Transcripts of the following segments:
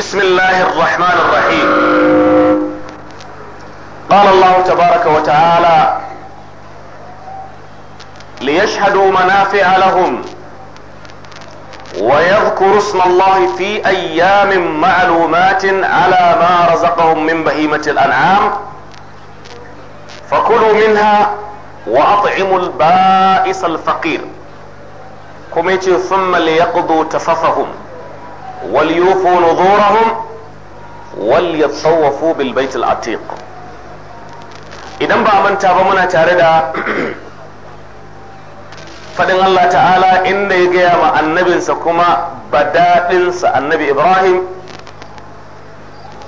بسم الله الرحمن الرحيم قال الله تبارك وتعالى ليشهدوا منافع لهم ويذكروا اسم الله في ايام معلومات على ما رزقهم من بهيمه الانعام فكلوا منها واطعموا البائس الفقير كميت ثم ليقضوا تففهم وليوفوا نذورهم وليتصوفوا بالبيت العتيق idan ba manta ba muna tare da fadin Allah ta'ala inda ya gaya ma annabinsa kuma badaɗinsa annabi Ibrahim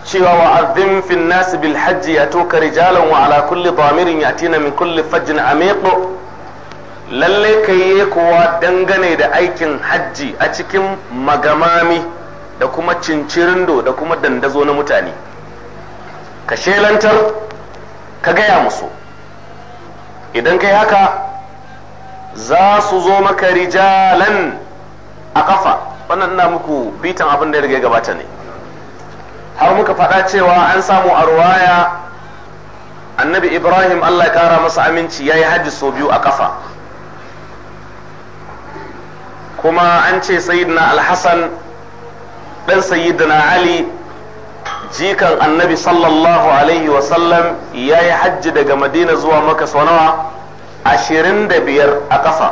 cewa wa'azzin fin nasi bil hajji ya toka rijalan wa ala kulli damirin ya tina min kulli Fajin amiqo lalle ka yi kuwa dangane da aikin hajji a cikin magamami da kuma cincirindo da kuma dandazo na mutane ka shelantar ka gaya musu idan kai haka za su zo maka rijalan a ƙafa. wannan ina muku bitan abin da ya riga gabata ne har muka faɗa cewa an samu a ruwaya annabi ibrahim allah ya kara masa aminci ya yi hajji sau biyu a ƙafa. kuma an ce sayyidina alhassan ɗan sayyidina ali jikan annabi sallallahu alaihi wasallam ya yi hajji daga madina zuwa maka nawa ashirin da biyar a ƙasa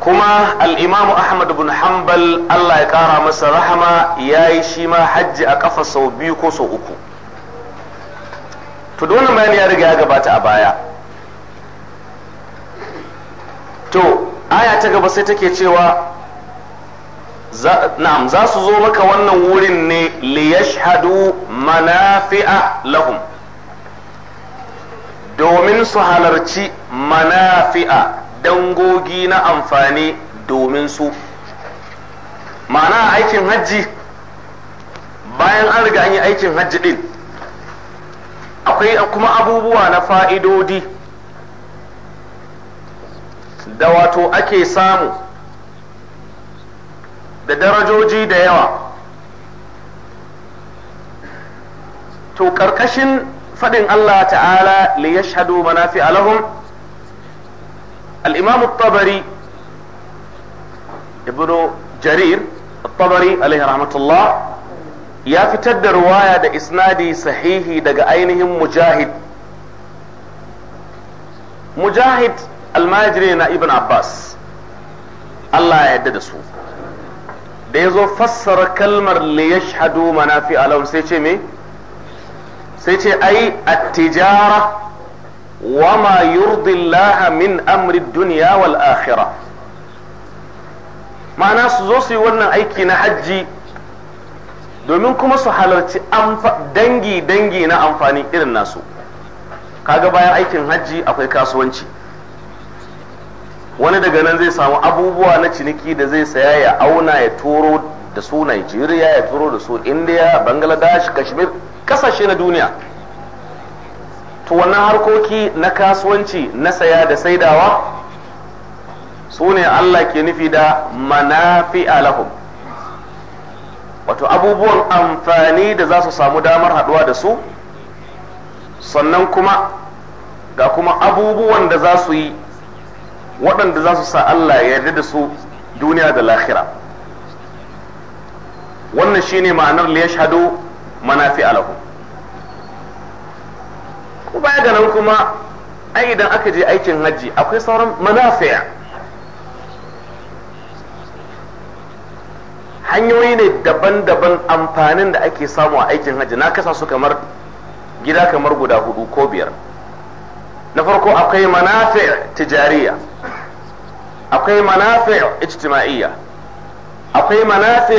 kuma al'imamu ahmad bin hanbal allah ya ƙara masa rahama ya yi shi ma hajji a ƙafa sau biyu ko sau uku to dole bayan ya riga ya gabata a baya to aya ta gaba sai take cewa na'am za su zo maka wannan wurin ne li yashhadu manafi'a lahum domin su halarci manafi'a dangogi na amfani domin su ma'ana aikin hajji bayan an riga an yi aikin hajji din akwai kuma abubuwa na fa'idodi da wato ake samu da darajoji da yawa to ƙarƙashin faɗin Allah ta'ala li yashhadu manafi alahum al-imam at-tabari ibnu jarir at-tabari alaihi rahmatullah ya fitar da ruwaya da isnadi sahihi daga ainihin mujahid mujahid almajiri na ibn abbas Allah ya yarda da su da ya zo fassara kalmar li yashhadu manafi alahum sai ce me sai ce ai at-tijara wa ma yurdi Allah min amri dunya wal akhirah ma'ana su zo su yi wannan aiki na hajji domin kuma su halarci dangi dangi na amfani irin nasu kaga bayan aikin hajji akwai kasuwanci wani daga nan zai samu abubuwa na ciniki da zai saya ya auna ya turo da su Nigeria ya turo da su India Bangladesh Kashmir kasashe na duniya to wannan harkoki na kasuwanci na saya da saidawa su ne Allah ke nufi da manafi alahum wato abubuwan amfani da za su samu damar haduwa da su sannan kuma ga kuma abubuwan da za su yi waɗanda za su sa Allah ya yarda da su duniya da lahira wannan shi ne ma'anar li mana fi alahu ko baya ga nan kuma ai idan aka je aikin hajji akwai sauran manafi'a hanyoyi ne daban-daban amfanin da ake samu a aikin hajji na kasa su kamar gida kamar guda hudu ko biyar na farko akwai manafi tijariya akwai manafi ijtima'iyya akwai manafi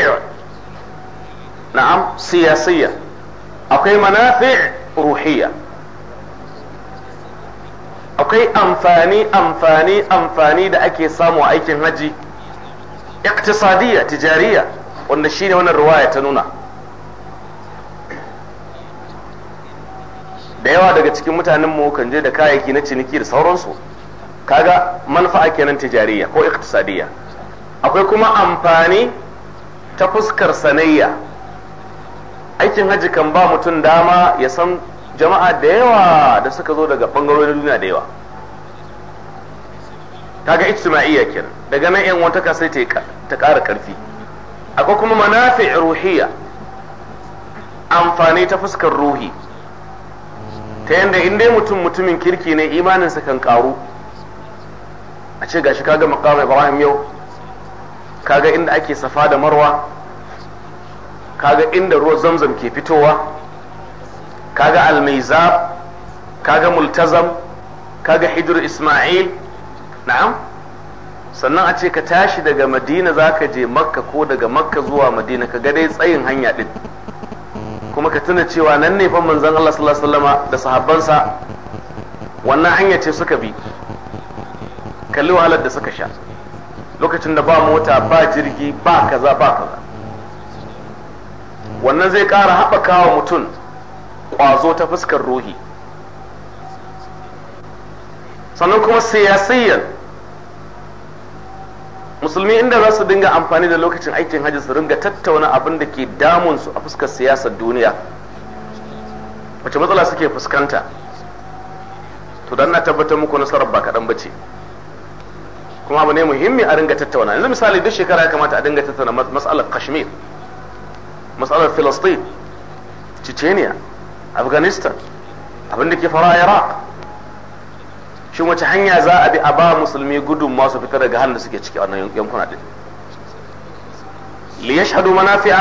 na'am siyasiyya akwai manafi ruhiyya akwai amfani amfani amfani da ake samu a aikin haji iqtisadiya tijariya wanda shine wannan riwaya ta nuna da yawa daga cikin mutanen mu kan je da kayayyaki na ciniki da sauransu kaga manfa'a kenan tijariya ko iqtisadiyya akwai kuma amfani ta fuskar sanayya aikin hajji kan ba mutum dama ya san jama'a da yawa da suka zo daga bangarorin duniya da yawa kaga ijtima'iyya kenan daga nan yan wata sai ta ƙara ƙarfi akwai kuma manafi ruhiyya amfani ta fuskar ruhi ta yadda in dai mutum mutumin kirki ne imaninsa kan karu a ce gashi kaga maqam Ibrahim yau kaga inda ake safa da marwa kaga inda ruwan zamzam ke fitowa kaga almaizab kaga multazam kaga hijr isma'il na'am sannan a ce ka tashi daga madina zaka je makka ko daga makka zuwa madina ka ga dai tsayin hanya din kuma ka tuna cewa nan ne fa manzon Allah sallallahu alaihi wasallama da sahabbansa wannan hanya ce suka bi kalli wahalar da suka sha lokacin da ba mota ba jirgi ba kaza ba kaza wannan zai kara haɓaka wa mutum ƙwazo ta fuskar ruhi sannan kuma siyasiyan musulmi inda za su dinga amfani da lokacin aikin hajji su ringa tattauna abin da ke damun su a fuskar siyasar duniya wace matsala suke fuskanta to dan na tabbatar muku nasarar ba kaɗan bace kuma abu ne muhimmi a ringa tattauna yanzu misali duk shekara ya kamata a dinga tattauna mas'alar kashmir mas'alar filistin chechenia afghanistan abin da ke fara iraq shin wace hanya za a bi a ba musulmi gudun masu fita daga halin da suke ciki a wannan yankuna din li yashhadu manafi'a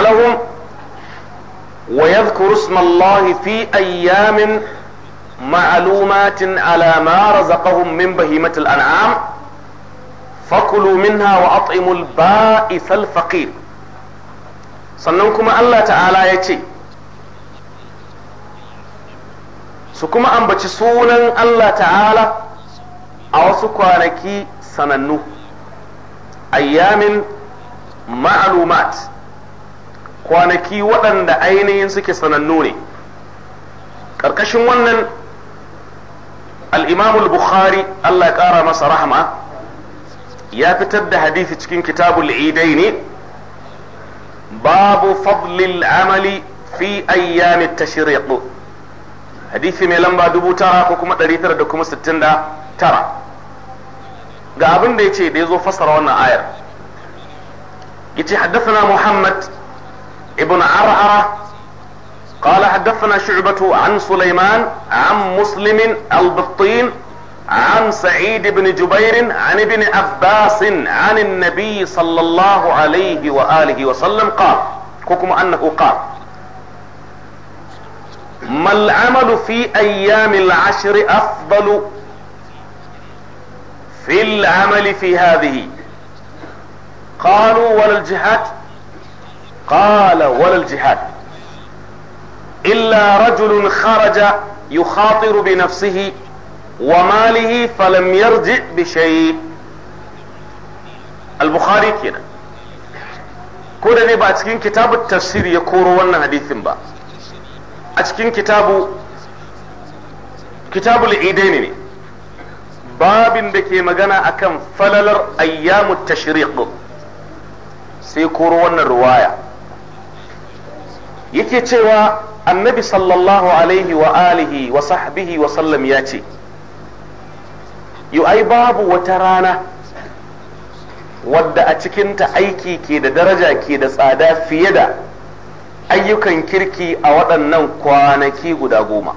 wa yadhkuru isma Allah fi ayyamin ma'lumatin ala ma razaqahum min bahimatil an'am fakulu minha wa at'imul ba'isal faqir sannan kuma Allah ta'ala ya ce su kuma ambaci sunan Allah ta'ala a wasu kwanaki sanannu ayyamin ma'alumat kwanaki waɗanda ainihin suke sanannu ne ƙarƙashin wannan al'imamul bukhari Allah ƙara masa rahama ya fitar da hadithi cikin kitabul idai ne babu fadlil amali fi ayyamit tashriq hadisi mai lamba dubu tara ko kuma ɗari tara da kuma sittin da tara ga abin da ya ce da ya zo fassara wannan ayar yace haddathana muhammad ibn ar'ara قال حدثنا شعبة عن سليمان عن مسلم البطين عن سعيد بن جبير عن ابن عباس عن النبي صلى الله عليه وآله وسلم قال ككم أنه قال ما العمل في ايام العشر افضل في العمل في هذه قالوا ولا الجهاد قال ولا الجهاد الا رجل خرج يخاطر بنفسه وماله فلم يرجع بشيء البخاري كده كده دي ne كتاب التفسير cikin kitabun حديث ya a cikin kitabu kitabul idaini ne babin da ke magana akan falalar ayyamu tashriq sai koro wannan ruwaya yake cewa annabi sallallahu alaihi wa alihi wa sahbihi wa sallam ya ce ai babu wata rana wadda a cikinta aiki ke da daraja ke da tsada fiye da ayyukan kirki a waɗannan kwanaki guda goma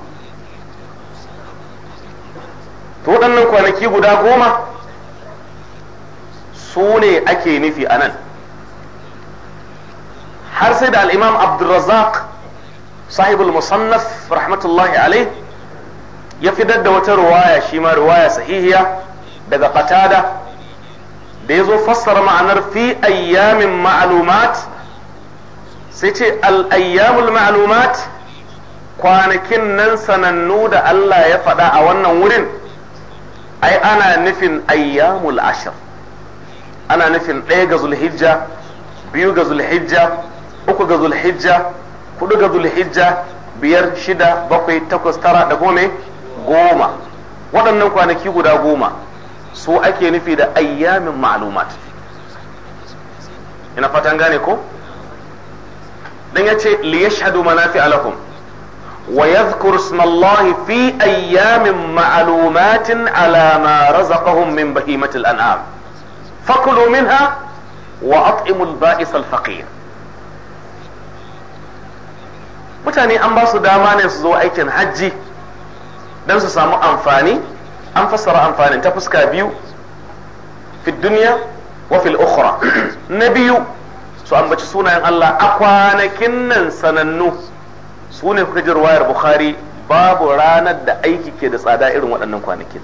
to waɗannan kwanaki guda goma su ne ake nufi a nan har sai da al'imam abdulrazak sahibul musannaf rahmatullahi alai ya fidar da wata ruwaya shi ma ruwaya sahihiya daga ƙatada da ya zo fassara ma'anar fi ayyamin ma'lumat sai ce al'ayyamul ma'lumat kwanakin nan sanannu da Allah ya faɗa a wannan wurin ai ana nufin ayyamul ashir ana nufin ɗaya ga zulhijja biyu ga zulhijja uku ga zulhijja hudu ga zulhijja biyar shida bakwai takwas tara da goma waɗannan kwanaki guda goma su ake nufi da ayyamin ma'alumat ina fatan gane ko dan yace li yashhadu manafi alakum wa yadhkur ismallahi fi ayyamin ma'lumatin ala ma razaqahum min bahimatil an'am fakulu minha wa at'imul ba'is al faqir mutane an ba su dama ne su zo aikin hajji dan su samu amfani an fassara amfanin ta fuska biyu fi dunya wa fil ukhra na biyu su ambaci sunayen Allah a kwanakin nan sanannu su ne kuka ji Bukhari babu ranar da aiki ke da tsada irin waɗannan kwanakin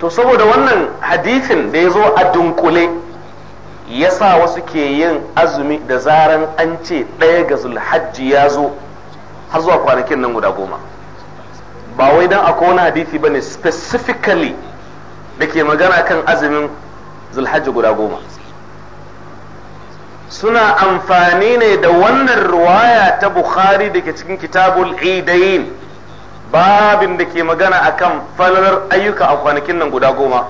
to saboda wannan hadithin da ya zo a dunkule ya sa wasu ke yin azumi da zaran an ce ɗaya ga zulhajji ya zo har zuwa kwanakin nan guda goma ba wai don akwai wani hadithi ba ne specifically da ke magana kan azumin zulhajji guda goma suna amfani ne da wannan ruwaya ta bukhari da ke cikin kitabul idayin babin da ke magana akan falalar ayyuka a kwanakin nan guda goma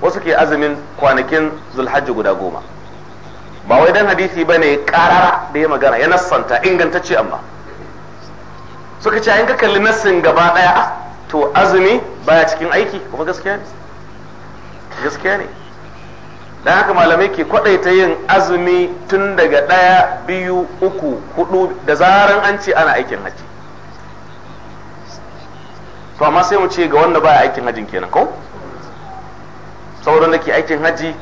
wasu ke azumin kwanakin zulhajji guda goma ba wai dan hadisi ba ne karara da ya magana ya nassanta ingantacce amma suka ce in ka kalli nassin gaba daya to azumi baya cikin aiki kuma gaskiya ne gaskiya ne Da haka malamai ke kwadaita yin azumi tun daga ɗaya biyu uku hudu da zaran an ce ana aikin haji to amma sai mu ce ga wanda baya aikin hajin kenan ko saboda da ke aikin haji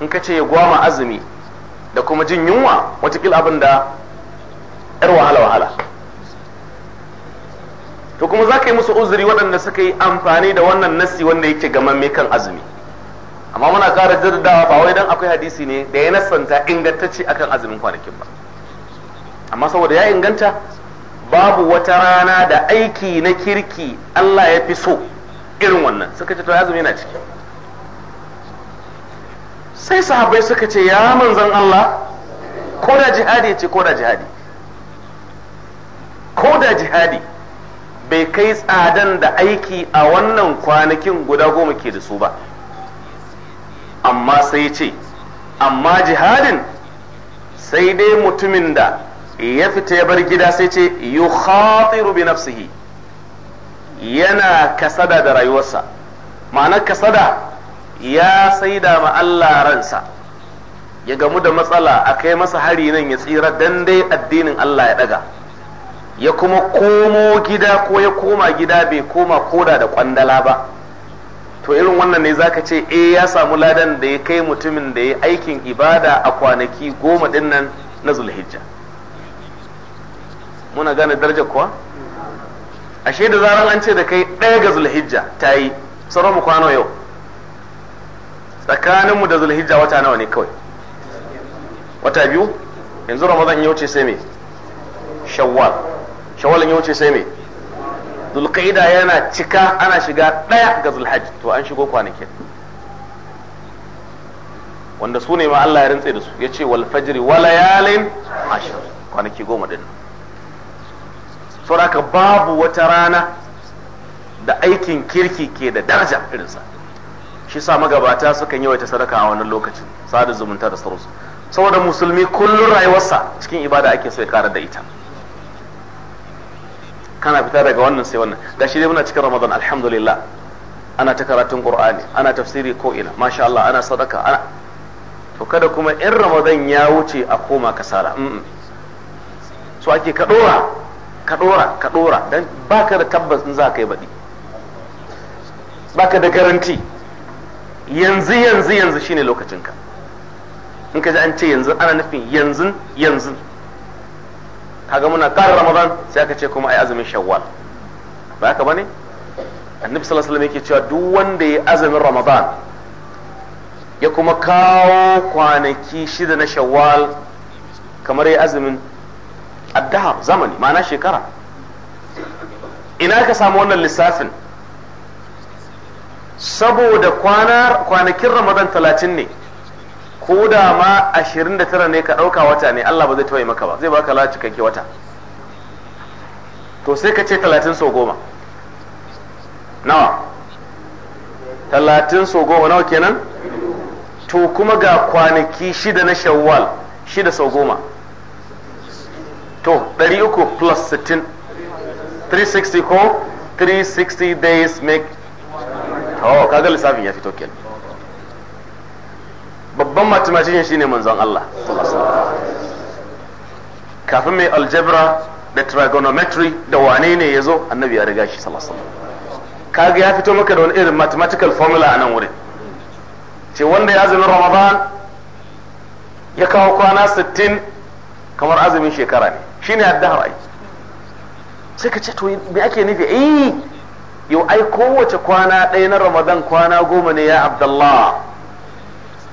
in ka ce ya gwama azumi da kuma jin yunwa watakila abin da yar wahala wahala to kuma za ka yi musu uzuri waɗanda suka yi amfani da wannan nasi wanda yake gamamme kan azumi amma muna ƙara jaddawa ba wai dan akwai hadisi ne da ya nassanta ingantacce akan azumin kwanakin ba amma saboda ya inganta babu wata rana da aiki na kirki Allah ya fi so irin wannan suka ce to azumi yana ciki sai sahabbai suka ce ya manzon Allah ko da jihadi ce ko da jihadi ko da jihadi bai kai tsadan da aiki a wannan kwanakin guda goma ke da su ba amma sai ce amma jihadin sai dai mutumin da ya fita ya bar gida sai ce yukhatiru bi nafsihi yana kasada da rayuwarsa ma'anar kasada ya saida ma Allah ransa ya gamu da matsala a kai masa hari nan ya tsira dan dai addinin Allah ya daga ya kuma komo gida ko ya koma gida bai koma koda da kwandala ba to irin wannan ne zaka ce eh ya samu ladan da ya kai mutumin da ya aikin ibada a kwanaki goma din nan na zulhijja muna gane daraja kuwa ashe da zaran an ce da kai ɗaya ga zulhijja ta yi sauran mu kwano yau tsakaninmu da zulhijja wata nawa ne kawai wata biyu yanzu ramadan ya wuce sai me shawwal shawwal ya wuce sai me zulqa'ida yana cika ana shiga ɗaya ga zulhajji to an shigo kwanakin wanda su ne ma Allah ya rintse da su ya ce wal fajri wa layalin ashir kwanaki goma din saboda babu wata rana da aikin kirki ke da daraja irinsa shi sa magabata sukan yi wata sadaka a wannan lokacin sada zumunta da sauransu saboda musulmi kullum rayuwarsa cikin ibada ake so ya karar da ita kana fita daga wannan sai wannan gashi dai muna cikin ramadan alhamdulillah ana ta karatun qur'ani ana tafsiri ko ina masha Allah ana sadaka ana to kada kuma in ramadan ya wuce a koma kasala so ake ka dora ka dora ka dora dan baka da tabbas in za ka yi baɗi baka da garanti yanzu yanzu yanzu shine lokacinka in ka ji an ce yanzu ana nufin yanzu yanzu kaga muna ƙara ramadan sai aka ce kuma ai azumin shawwal ba haka bane annabi sallallahu alaihi wasallam yake cewa duk wanda ya azumin ramadan ya kuma kawo kwanaki shida na shawwal kamar ya azumin zamani ma'ana shekara ina ka samu wannan lissafin saboda kwanakin ramadan talatin ne ko da ma 29 ne ka ɗauka wata ne Allah ba zai tawaye maka ba zai baka la cikakke wata to sai ka ce 30 so goma nawa 30 so goma nawa kenan to kuma ga kwanaki shida na shawwal shida so goma to 300 plus 60 360 ko 360 days make ka oh, kaga lissafin ya fito kenan babban mathematician shine manzon Allah kafin mai algebra da trigonometry da wane ne ya zo annabi ya riga shi salasala kaga ya fito maka da wani irin mathematical formula a nan wurin ce wanda ya azumin ramadan ya kawo kwana 60 kamar azumin shekara ne Shi shine har aiki. sai ka ce to me ake nufi eh yau ai kowace kwana ɗaya na ramadan kwana goma ne ya abdullah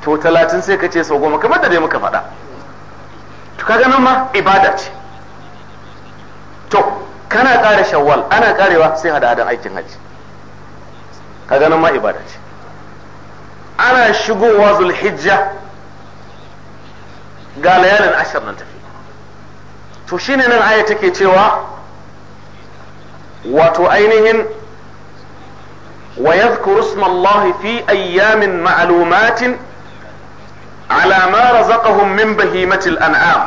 to talatin sai ka ce sau goma kamar da dai muka faɗa to ka ganin ma ibada ce to kana ƙara shawwal ana ƙarewa sai hada adan aikin hajji ka ganin ma ibada ce ana shigowa zulhijja ga layalin ashir nan tafi to shine nan aya take cewa wato ainihin ويذكر اسم الله في ayyamin معلومات ala ma razaqahum min an'am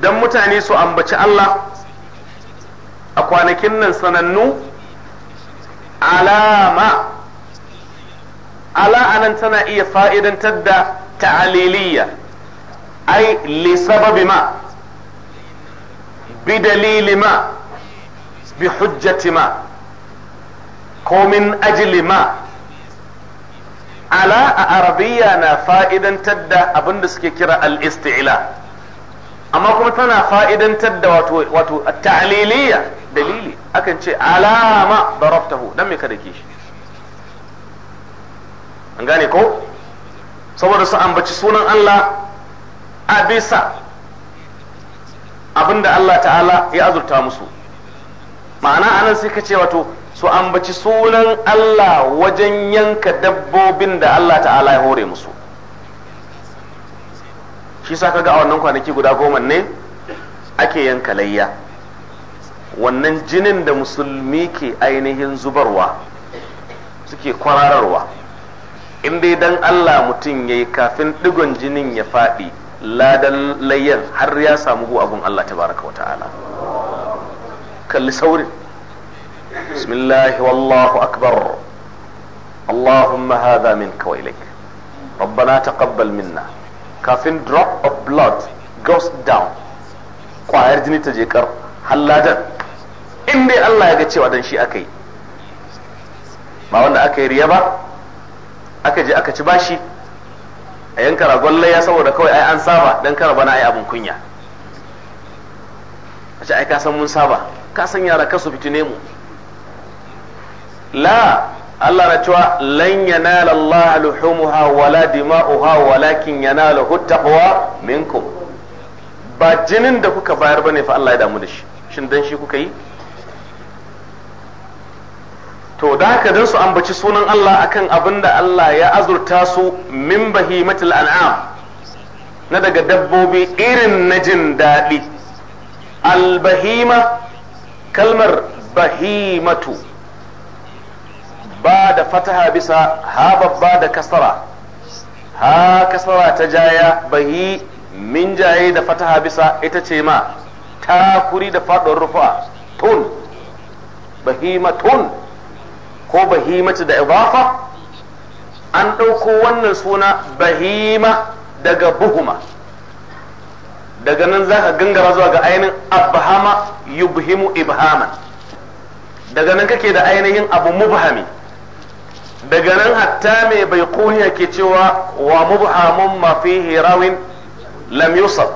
dan mutane su ambaci Allah a kwanakin nan sanannu alama ala tana iya fa'idantar da ta'aliliya ai li sababi ma bi dalili ma bi hujjati ma ko min ajli ma ala a arabiya na fa'idantar da abin da suke kira al amma kuma tana fa'idantar da wato ta’aliliya dalili akan ce alama daraftahu don me kada ke shi an gane ko saboda su ambaci sunan Allah a bisa abinda Allah ta'ala ya azurta musu ma'ana anan sai ka ce wato su ambaci sunan Allah wajen yanka dabbobin da Allah ta'ala ya hore musu shi sa kaga a wannan kwanaki guda goma ne ake yanka layya wannan jinin da musulmi ke ainihin zubarwa suke kwararwa in dai dan Allah mutum ya yi kafin ɗigon jinin ya faɗi ladan layyar har ya samu gu abun Allah baraka wa ta'ala kalli saurin بسم الله والله أكبر اللهم هذا منك وإليك ربنا تقبل منا كافين drop of blood goes down kwayar jini ta je kar halladan in dai Allah ya ga cewa dan shi aka yi ba wanda aka yi riya ba aka je aka ci bashi a yanka ragon laya saboda kawai ai an saba dan kara bana ai abun kunya a ce ai ka san mun saba ka san yara ka su fitine mu la Allah na cewa lan yanala Allah luhumuha wala dima'uha walakin yanalahu taqwa minkum ba jinin da kuka bayar bane fa Allah ya damu da shi shin dan shi kuka yi to da haka dan su ambaci sunan Allah akan abin da Allah ya azurta su min bahimatil an'am na daga dabbobi irin na jin daɗi albahima kalmar bahimatu ba da fataha bisa ha babba da kasara ha kasara ta jaya bahi min jaye da fataha bisa ita ce ma ta kuri da faɗin rufa tun tun ko bahimatu da idafa an ɗauko wannan suna bahima daga buhuma daga nan za ka gangara zuwa ga ainihin abahama yubhimu ibhaman daga nan kake da ainihin abu mubhami daga nan hatta mai bai kuniya ke cewa wa mubhamun mafi hirawin lam yusab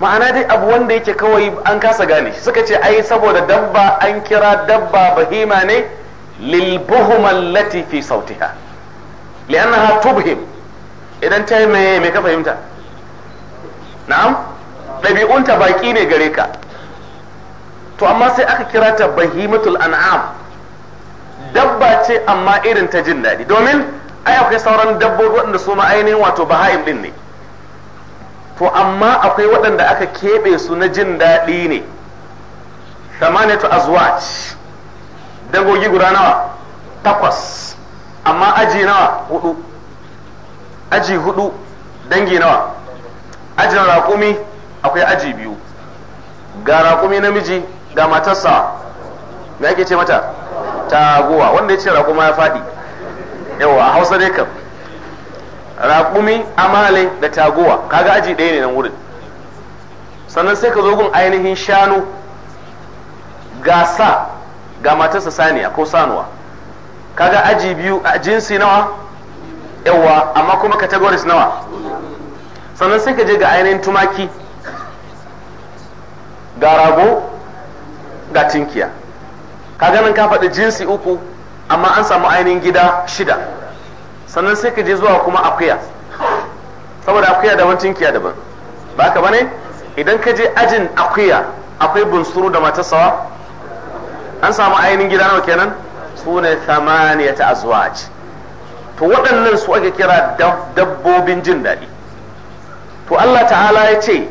ma'ana dai abu wanda yake kawai an kasa gane shi suka ce ai saboda dabba an kira dabba bahima ne lil allati fi sautiha li'annaha tubhim idan ta yi mai mai ka fahimta na'am ɗabi'unta baƙi ne gare ka to amma sai aka kira ta bahimatul an'am dabba ce amma irin ta jin daɗi domin ai akwai sauran dabbobi waɗanda su ma ainihin wato baha'im ɗin ne to amma akwai waɗanda aka keɓe su na jin daɗi ne to azwaj dangogi guda nawa takwas amma aji nawa hudu aji hudu dangi nawa ajin raƙumi akwai aji biyu ga raƙumi namiji ga matarsa me ake ce mata taguwa wanda ya ce raƙuma ya faɗi yawa a hausa dai kam raƙumi amale da taguwa kaga aji ɗaya ne nan wurin sannan sai ka zo gun ainihin shanu ga sa ga matarsa saniya ko sanuwa kaga aji biyu a jinsi nawa yawa amma kuma categories nawa sannan sai ka je ga ainihin tumaki ga rago ga tinkiya ka ganin ka faɗi jinsi uku amma an samu ainihin gida shida sannan sai ka je zuwa kuma akuya saboda akuya daban tinkiya daban ba ka bane idan ka je ajin akuya akwai bunsuru da matasawa an samu ainihin gida nawa kenan su ne samaniya ta azwaj to waɗannan su ake kira dabbobin jin daɗi to Allah ta'ala ya ce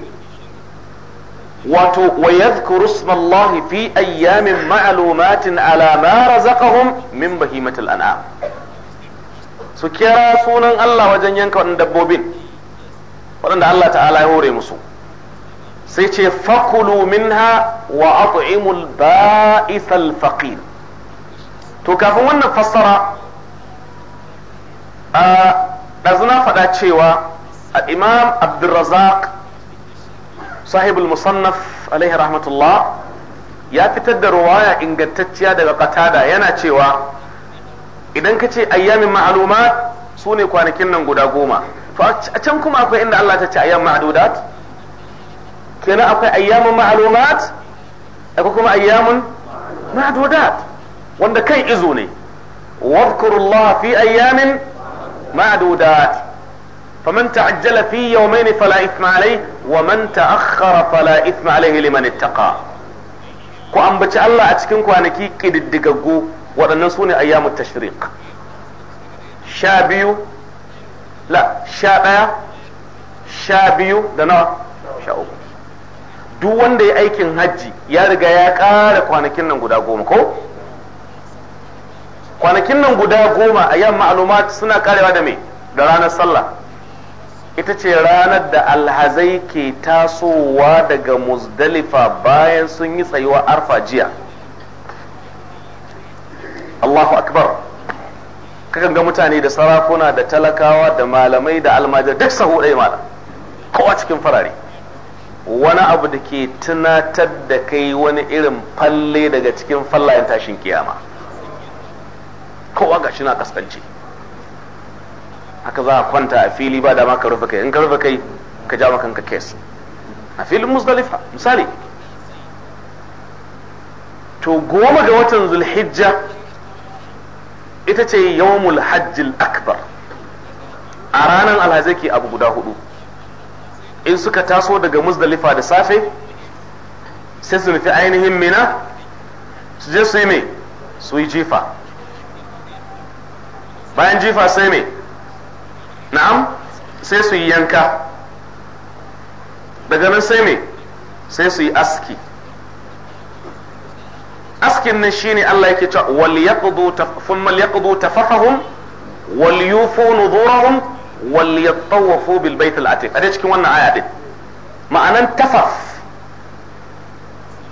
wato wa yadhkuru smallahi fi ayyamin ma'lumatin ala ma razaqahum min bahimatil an'am su kira sunan Allah wajen yanka waɗannan dabbobin waɗanda Allah ta'ala ya hore musu sai ce fakulu minha wa at'imul ba'isal faqir to kafin wannan fassara a ɗazuna faɗa cewa al-imam abdurrazak sahibul musannaf alaihi rahmatullah ya fitar da ruwaya ingantacciya daga katada yana cewa idan ka ce ayyamin ma'lumat su ne kwanakin nan guda goma to a can kuma akwai inda Allah ta ce ayyam ma'dudat kenan akwai ayyamin ma'lumat akwai kuma ayyamin ma'dudat wanda kai izo ne واذكروا الله في أيام معدودات فمن تعجل في يومين فلا إثم عليه ومن تأخر فلا إثم عليه لمن اتقى ku ambaci Allah a cikin kwanaki ƙididdigaggu waɗannan su ne ayyamun tashriq sha biyu la sha ɗaya sha biyu da nawa sha uku duk wanda ya aikin hajji ya riga ya ƙara kwanakin nan guda goma ko kwanakin nan guda goma a yamma suna karewa da me da ranar sallah ita ce ranar da alhazai ke tasowa daga muzdalifa bayan sun yi tsayuwa arfa jiya Allahu akbar kakan ga mutane da sarakuna da talakawa da malamai da almajar duk sahu ɗaya malam kowa cikin farare wani abu da ke tunatar da kai wani irin falle daga cikin fallayen tashin kiyama kowa ga shi na kaskance haka za a kwanta a fili ba dama ka rufe kai in ka rufe kai ka ja kanka kes a filin musdalifa misali to goma ga watan zulhijja ita ce yawmul hajjil akbar a ranar alhazai ke abu guda hudu in suka taso daga musdalifa da safe sai su nufi ainihin mina su je su yi mai su yi jifa bayan jifa sai mai na'am sai su yi yanka daga nan sai me sai su yi aski askin nan shine Allah yake cewa wal yaqdu thumma yaqdu tafafahum wal yufu nuzurahum wal yatawafu bil bait al atiq a cikin wannan aya din ma'anan tafaf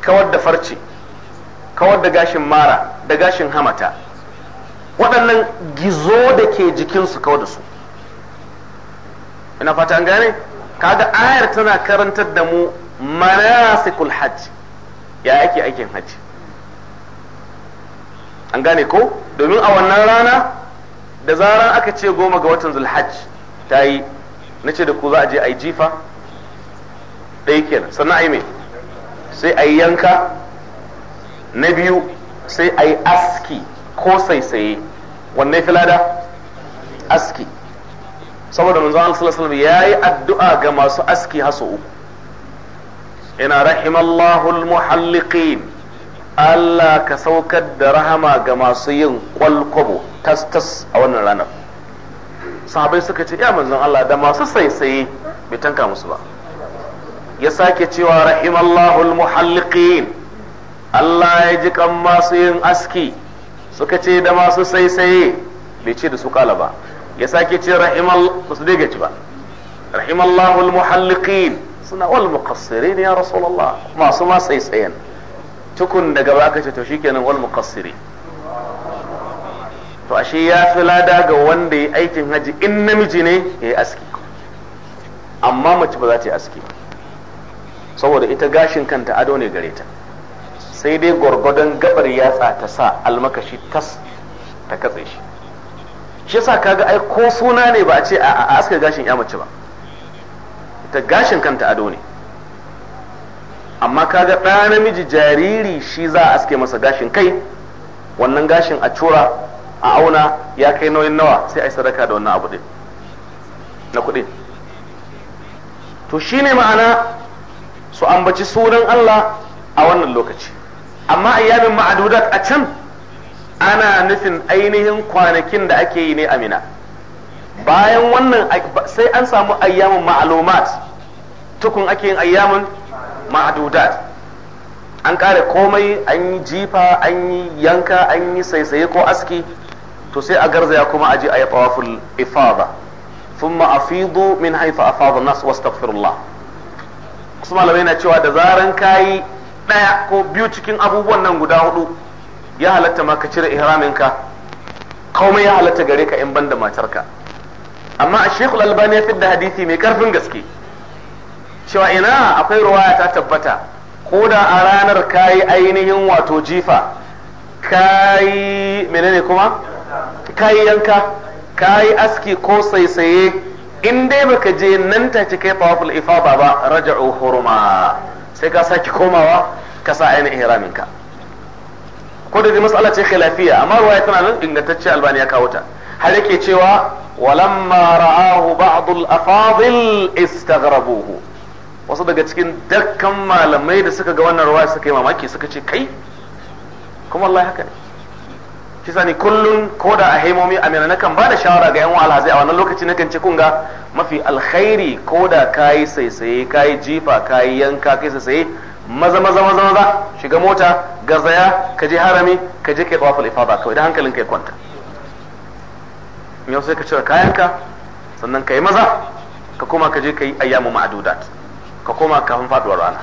kawar da farce kawar da gashin mara da gashin hamata waɗannan gizo da ke jikinsu kawar da su ina fata an gane kaga ayar tana karantar da mu manasikul hajj ya ake aikin hajj an gane ko domin a wannan rana da zaran aka ce goma ga watan zulhajj ta yi na ce da ku za a je a yi jifa ɗaya kenan sannan a yi sai a yi yanka na biyu sai a yi aski ko saisaye wanne filada aski saboda manzo Allah sallallahu alaihi wasallam yayi addu'a ga masu aski haso uku ina rahimallahu almuhalliqin Allah ka saukar da rahama ga masu yin kwalkwabo tas tas a wannan ranar sahabai suka ce ya manzon Allah da masu saisaye bai tanka musu ba ya sake cewa rahimallahu almuhalliqin Allah ya ji kan masu yin aski suka ce da masu saisaye bai ce da su kala ba ya sake ce rahimal ba su dai gaci ba rahimallahu almuhalliqin suna wal muqassirin ya rasulullah masu ma tsayen tukun daga baka ce to shikenan wal muqassiri to ashe ya fi lada ga wanda ya aikin haji in namiji ne ya yi aski amma mace ba za ta yi aski saboda ita gashin kanta ado ne gare ta sai dai gwargwadon gabar yatsa ta sa almakashi tas ta katse shi shi yasa kaga ai ko suna ne ba a ce a aska gashin ya mace ba ita gashin kanta ado ne amma kaga ɗa namiji jariri shi za a aske masa gashin kai wannan gashin a cura a auna ya kai nauyin nawa sai a yi sadaka da wannan abu din na kuɗi to shine ma'ana su ambaci sunan Allah a wannan lokaci amma ayyamin ma'adudat a can ana nufin ainihin kwanakin da ake yi ne Amina bayan wannan sai an samu ayyamin ma'alumat tukun ake yin ayyamin ma'adudat an kare komai an yi jifa an yi yanka an yi saisaye ko aski to sai a garzaya kuma a je a yi tawaful ifada thumma afidu min haifa afada nas wastaghfirullah wasu malamai na cewa da zaran kayi ɗaya ko biyu cikin abubuwan nan guda hudu ya halatta ma ka cire ihraminka komai ya halatta gare ka in banda matarka amma a shekul albani ya fidda hadisi mai karfin gaske cewa ina akwai ruwaya ta tabbata ko da a ranar kayi ainihin wato jifa yi menene kuma kai yanka kayi aski ko saisaye in dai baka je nan ta ci kai tawaful ifa ba raja'u hurma sai ka saki komawa ka sa ainihin ihraminka ko da mas'ala ce khilafiya amma ruwaya tana nan ingantacce albani ya kawo ta har yake cewa walamma ra'ahu ba'd al-afadil istaghrabuhu wasu daga cikin dakkan malamai da suka ga wannan ruwaya suka yi mamaki suka ce kai kuma wallahi haka ne shi sani kullun ko da a haimomi a mena nakan ba da shawara ga yan wa alhazai a wannan lokaci nakan ce kun mafi alkhairi ko da kayi saisaye kayi jifa kayi yanka kai saisaye maza maza maza maza shiga mota gazaya ka je harami ka je kai tawaful ifada kawai da hankalin kai kwanta yau sai ka cire kayanka sannan ka yi maza ka koma ka je ka yi ayyamu ma'adudat ka koma kafin faduwar rana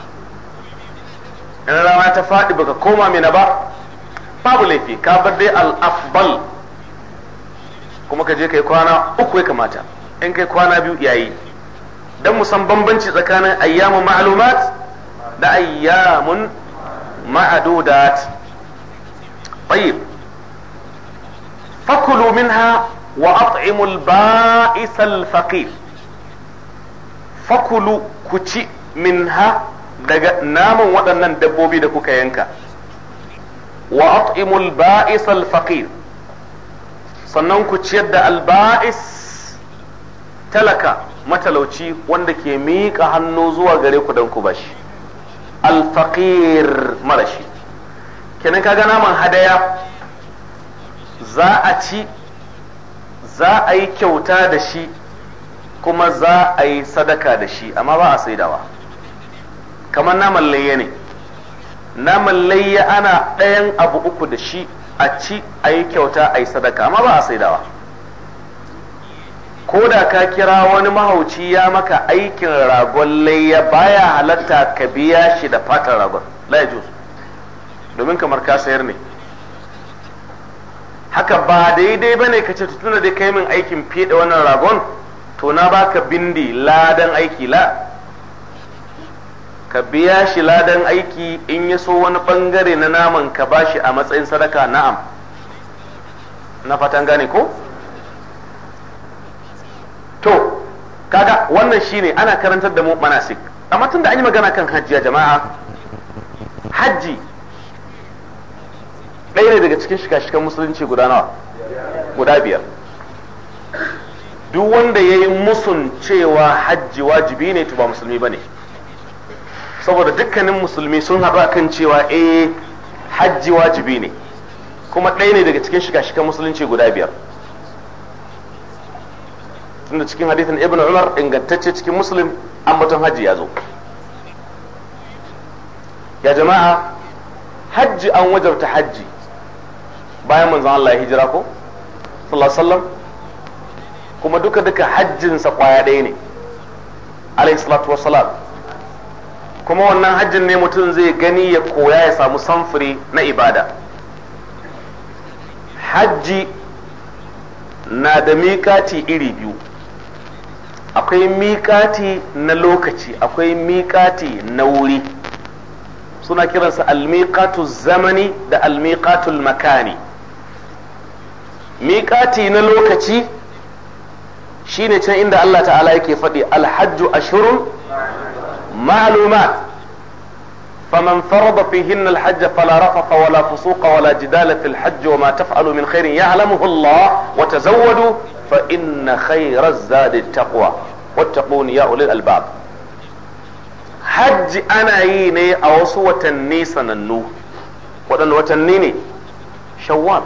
in rana ta faɗi baka koma mina ba babu laifi ka bar dai al kuma ka je kai kwana uku ya kamata in kai kwana biyu yayi dan musan bambanci tsakanin ayyamu ma'lumat da ayyamun ma'adudat tayyib fakulu minha wa at'imul ba'isal faqir fakulu ku ci minha daga naman waɗannan dabbobi da kuka yanka wa at'imul ba'is faqir sannan ku ciyar da al ba'is talaka matalauci wanda ke miƙa hannu zuwa gare ku dan ku bashi alfaqir marashi kenan ka ga naman hadaya za a ci za a yi kyauta da shi kuma za a yi sadaka da shi amma ba a saidawa kamar naman layya ne naman layya ana ɗayan abu uku da shi a ci a yi kyauta a yi sadaka amma ba a saidawa ko da ka kira wani mahauci ya maka aikin ragon layya baya halatta ka biya shi da fatan ragon domin kamar ka sayar ne haka ba daidai bane ka ce tuna da kai min aikin fiye wannan ragon to na baka bindi ladan aiki la ka biya shi ladan aiki in ya so wani bangare na naman ka bashi a matsayin sadaka na'am na fatan gane ko to kaga wannan shine ana karantar da mu manasik amma tunda an yi magana kan hajji ya jama'a hajji ɗaya ne daga cikin shika-shikan musulunci guda nawa guda biyar duk wanda ya yi musun cewa hajji wajibi ne to ba musulmi ba ne saboda dukkanin musulmi sun haɗu a kan cewa e, hajji wajibi ne kuma ɗaya ne daga cikin shika-shikan musulunci guda biyar tunda cikin hadithin ibn umar ingantacce cikin muslim ambaton hajji ya zo ya jama'a hajji an wajabta hajji bayan manzon Allah ya hijira ko sallallahu alaihi kuma duka duka hajjin sa kwaya ɗaya ne alayhi salatu wassalam kuma wannan hajjin ne mutum zai gani ya koya ya samu samfuri na ibada hajji na da miƙati iri biyu akwai miƙati na lokaci akwai miƙati na wuri suna kiransa almiƙatu zamani da almiƙatu makani miƙati na lokaci shine can inda Allah ta'ala yake faɗi alhajju ashurun ma'lumat فمن فرض فيهن الحج فلا رفث ولا فسوق ولا جدال في الحج وما تفعلوا من خير يعلمه الله وتزودوا فإن خير الزاد التقوى واتقون يا أولي الألباب حج أنا أو أوصو النيسة ننو ودن وتنيني شوال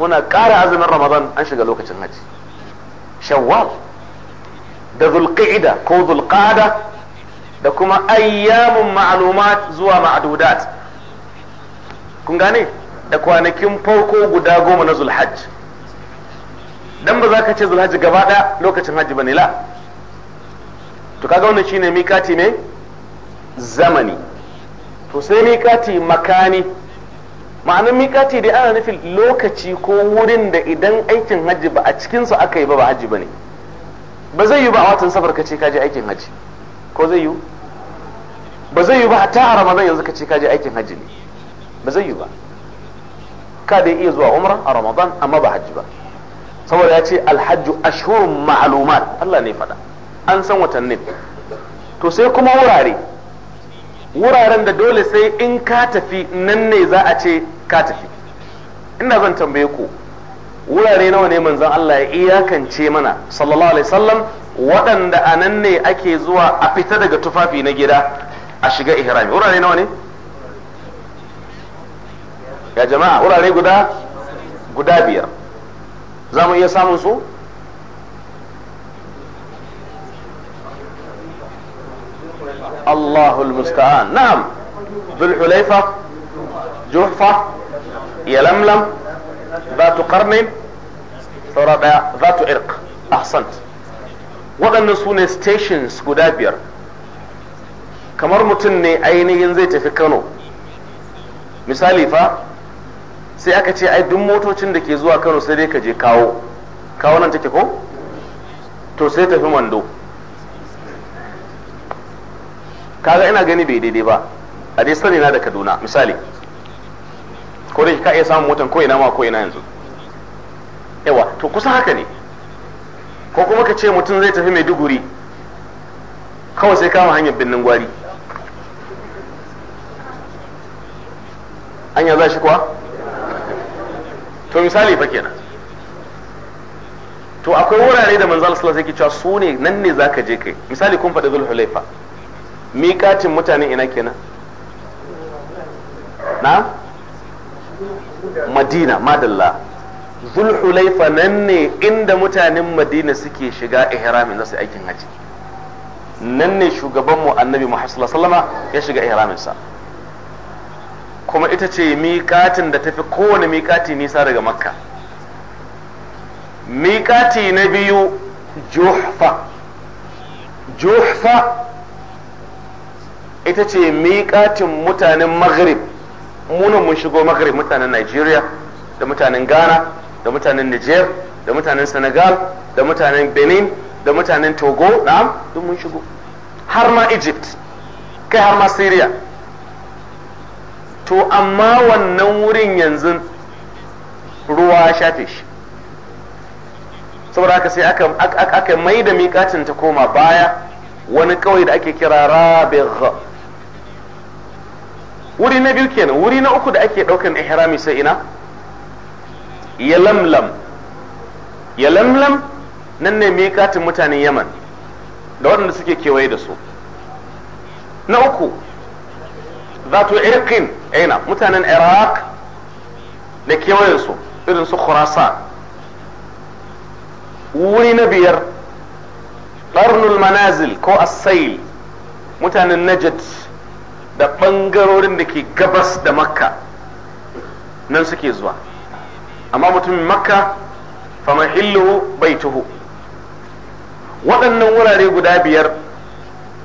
muna ƙara azumin رمضان أنشق shiga الحج شوال ذو القعدة كو ذو القعدة da kuma ayyamun ma'lumat zuwa ma'adudat. kun gane da kwanakin farko guda goma na zulhajj dan ba za ka ce zulhajj gaba ɗaya lokacin hajji bane la to kaga wannan shine mikati ne zamani to sai mikati makani ma'anin mikati dai ana nufin lokaci ko wurin da idan aikin hajji ba a cikinsa aka yi ba ba hajji ba ne ba zai yi ba a watan safar ka ce ka je aikin hajji ko zai yiwu ba zai yiwu ba hatta a ramadan yanzu ka ce ka je aikin hajji ne ba zai yiwu ba ka da iya zuwa umra a ramadan amma ba hajji ba saboda ya ce alhajju ashhurun ma'lumat Allah ne faɗa an san watannin to sai kuma wurare wuraren da dole sai in ka tafi nan ne za a ce ka tafi ina zan tambaye ku wurare nawa ne manzon Allah ya iyakance mana sallallahu alaihi wasallam waɗanda a nan ne ake zuwa a fita daga tufafi na gida a shiga ihrami wurare nawa ne ya jama'a wurare guda guda biyar za mu iya samun su الله المستعان نعم ذو ya lamlam ba tu qarnin saura daya zatu irq ahsant waɗannan su ne stations guda biyar kamar mutum ne ainihin zai tafi kano misali fa sai aka ce ai duk motocin da ke zuwa kano sai dai ka je kawo kawo nan take ko to sai tafi mando kaga ina gani bai daidai ba a dai sani na da kaduna misali ko da ka iya samun motan ko ina ma ko ina yanzu yawa to kusa haka ne ko kuma ka ce mutum zai tafi mai duguri kawai sai kama hanyar birnin gwari anya za shi kuwa to misali fa kenan to akwai wurare da manzal sallallahu alaihi cewa su ne nan ne zaka je kai misali kun faɗi zulhulaifa miƙatin mutane ina kenan na madina madalla zulhulaifa nan ne inda mutanen madina suke shiga ihramin nasu aikin haji nan ne shugabanmu annabi muhammad sallama ya shiga ihraminsa kuma ita ce miƙatin da tafi kowane miƙati nisa daga makka miƙati na biyu juhfa juhfa ita ce miƙatin mutanen maghrib munan mun shigo maghrib mutanen Najeriya da mutanen ghana da mutanen Nijer, da mutanen Senegal da mutanen Benin da mutanen Togo na'am duk mun shigo har ma Egypt kai har ma Syria to amma wannan wurin yanzu ruwa ya shafe shi saboda haka sai aka aka mai da miƙacin ta koma baya wani kawai da ake kira rabigh wuri na biyu kenan wuri na uku da ake ɗaukan ihrami sai ina ya lamlam ya lamlam nan ne katin mutanen yaman da waɗanda suke kewaye da su na uku zato irkin aina mutanen iraq da su irin su Khurasa, wuri na biyar ɗarnul manazil ko asail mutanen najat da ɓangarorin da ke gabas da makka nan suke zuwa amma mutumin makka fa mahilluhu baituhu waɗannan wurare guda biyar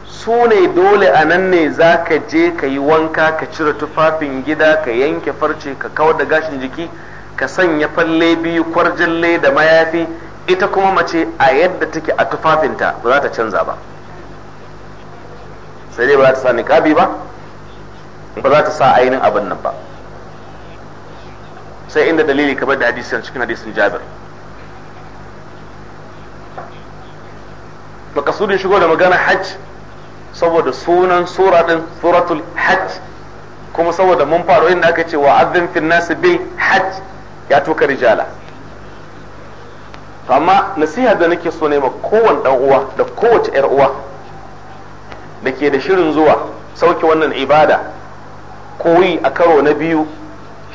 su ne dole a nan ne za ka je ka yi wanka ka cire tufafin gida ka yanke farce ka kawar da gashin jiki ka sanya falle biyu kwarjalle da mayafi ita kuma mace a yadda take a tufafinta ba za ta canza ba sai dai ba za ta sa niƙabi ba ba za ta sa ainihin abin nan ba sai inda dalili kamar da hadisi cikin hadisin Jabir makasudin shigo da magana hajj saboda sunan sura din suratul hajj kuma saboda mun faro inda aka ce wa azin fil nas bil hajj ya tuka rijala amma nasiha da nake so ne ma kowane dan uwa da kowace yar uwa da ke da shirin zuwa sauke wannan ibada koyi a karo na biyu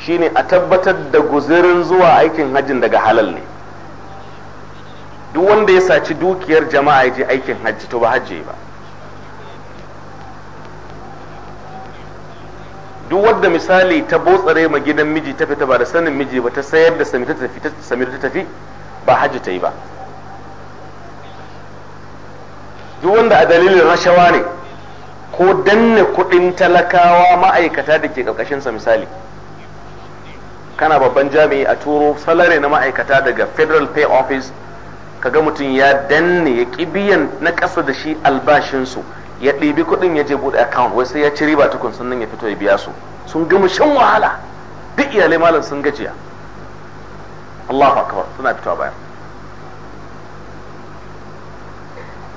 shine a tabbatar da guzurin zuwa aikin hajjin daga halal ne duk wanda ya saci dukiyar jama'a ya je aikin hajji to ba hajji ba duk wadda misali ta botsare ma gidan miji ta fita ba da sanin miji ba ta sayar da samir ta tafi ba hajji ta yi ba duk wanda a dalilin rashawa ne ko danne kudin talakawa ma'aikata da ke ƙarƙashinsa misali kana babban jami'i a turo salari na ma'aikata daga federal pay office kaga mutum ya danne ya biyan na ƙasa da shi albashinsu ya ɗibi kuɗin ya je buɗe account wai sai ya ci riba tukun sannan ya fito ya biya su sun gama shan wahala duk iyalai malam sun gajiya Allahu akbar suna fitowa baya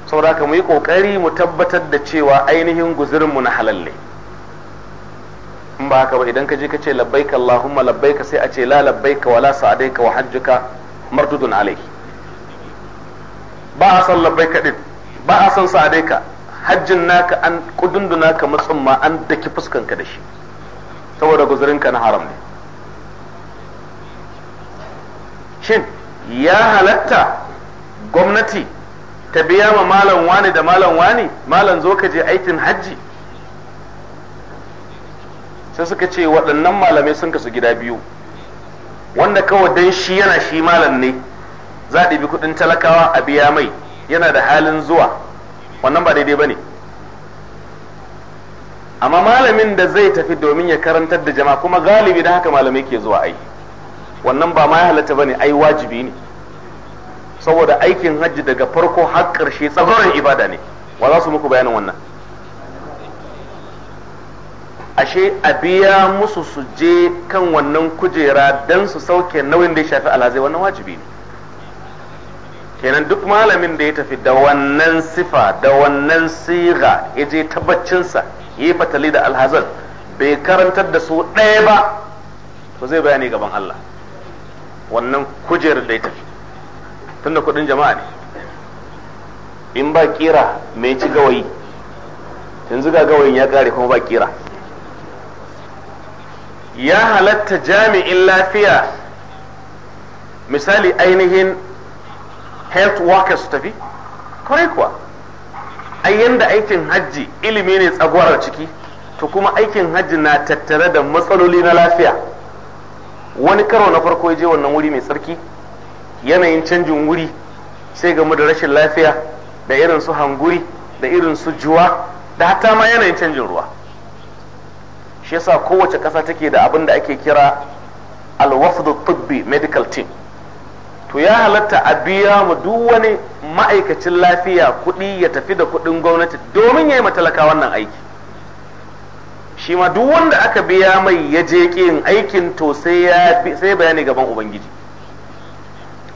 saboda haka mu yi kokari mu tabbatar da cewa ainihin guzurinmu na halal ne in ba haka ba idan ka je ka ce labbaika Allahumma labbaika sai a ce la labbaika wala sa'adaika wa hajjuka mardudun alayhi ba a san labbaika din ba a san sa'adaika hajjin naka an kudundu ka matsin ma an daki fuskanka da shi saboda guzurinka na haram ne shin ya halatta gwamnati ta biya ma malam wani da malam wani malam zo ka je aikin hajji sai suka ce waɗannan malamai sun kasu gida biyu wanda kawai dan shi yana shi malam ne za a ɗibi kuɗin talakawa a biya mai yana da halin zuwa wannan ba daidai ba ne amma malamin da zai tafi domin ya karantar da jama'a kuma galibi da haka malamai ke zuwa ai wannan ba ma ya halatta ne ai wajibi ne saboda aikin hajji daga farko har ƙarshe tsagoran ibada ne wa za su muku bayanin wannan ashe a biya musu su je kan wannan kujera don su sauke nauyin da ya shafi alhazai wannan wajibi ne kenan duk malamin da ya tafi da wannan sifa da wannan siga ya je tabbacinsa ya yi fatali da alhazan bai karantar da su ɗaya ba to zai bayani gaban Allah wannan kujer da ya tafi tunda kudin jama'a ne in ba kira mai ci gawayi yanzu ga gawayin ya kare kuma ba kira ya halatta jami'in lafiya misali ainihin health workers tafi kwarai kuwa ai yanda aikin hajji ilimi ne tsagwarar ciki to kuma aikin hajji na tattare da matsaloli na lafiya wani karo na farko ya je wannan wuri mai tsarki yanayin canjin wuri sai game da rashin lafiya da irin su hanguri da irin su juwa da hatta ma yanayin canjin ruwa shi yasa kowace kasa take da abin da ake kira alwafdu tibbi medical team to ya halatta a biya mu duk wani ma'aikacin lafiya kuɗi ya tafi da kuɗin gwamnati domin ya yi matalaka wannan aiki shi ma duk wanda aka biya mai ya je yin aikin to sai ya bayani gaban ubangiji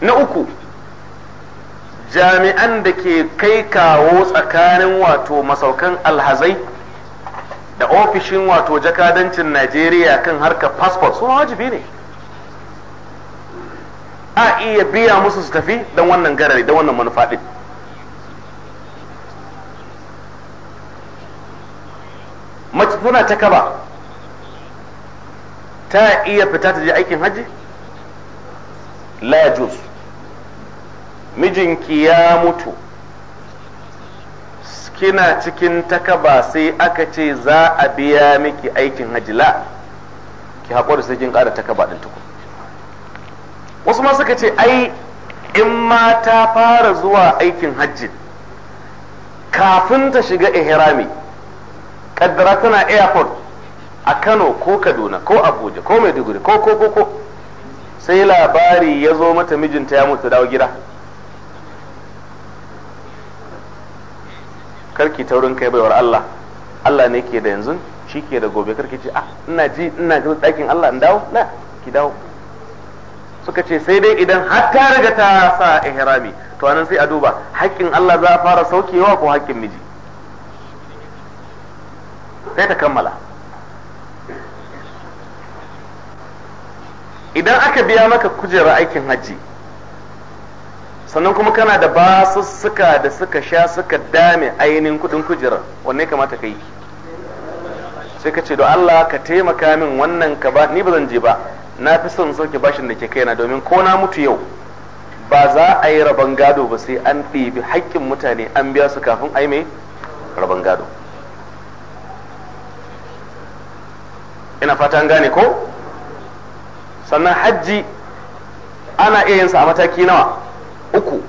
na uku jami'an da ke kai kawo tsakanin wato masaukan alhazai da ofishin wato jakadancin Najeriya kan harkar passport su wajibi ne a iya biya musu su tafi don wannan garari don wannan manufa din tana ta kaba ta iya fita ta je aikin hajji la mijinki ya mutu kina cikin takaba sai aka ce za a biya miki aikin haji la ki haƙura sai kin ƙara takaba ɗin tukun wasu ma suka ce ai in ma ta fara zuwa aikin hajji kafin ta shiga ihrami kaddara tana airport a kano ko kaduna ko abuja ko maiduguri ko ko ko sai labari ya zo mata mijinta ya mutu dawo gida karki taurin kai baiwar Allah Allah ne ke da yanzu shi ke da gobe karki ce ah ina ji ina ga ɗakin Allah in dawo na ki dawo suka ce sai dai idan har ta riga ta sa ihrami to anan sai a duba haƙƙin Allah za a fara saukewa ko haƙƙin miji sai ta kammala idan aka biya maka kujerar aikin hajji sannan kuma kana da basussuka da suka sha suka dame ainihin kudin kujerar wanne kamata ka yi sai ka ce don Allah ka taimaka min wannan ka ba ni ba zan je ba na fi son sauke bashin da ke na domin ko na mutu yau ba za a yi rabon gado ba sai an ɗebi haƙƙin mutane an biya su kafin a yi mai rabon gado ina fata an gane ko sannan hajji ana iya yinsa a mataki nawa uku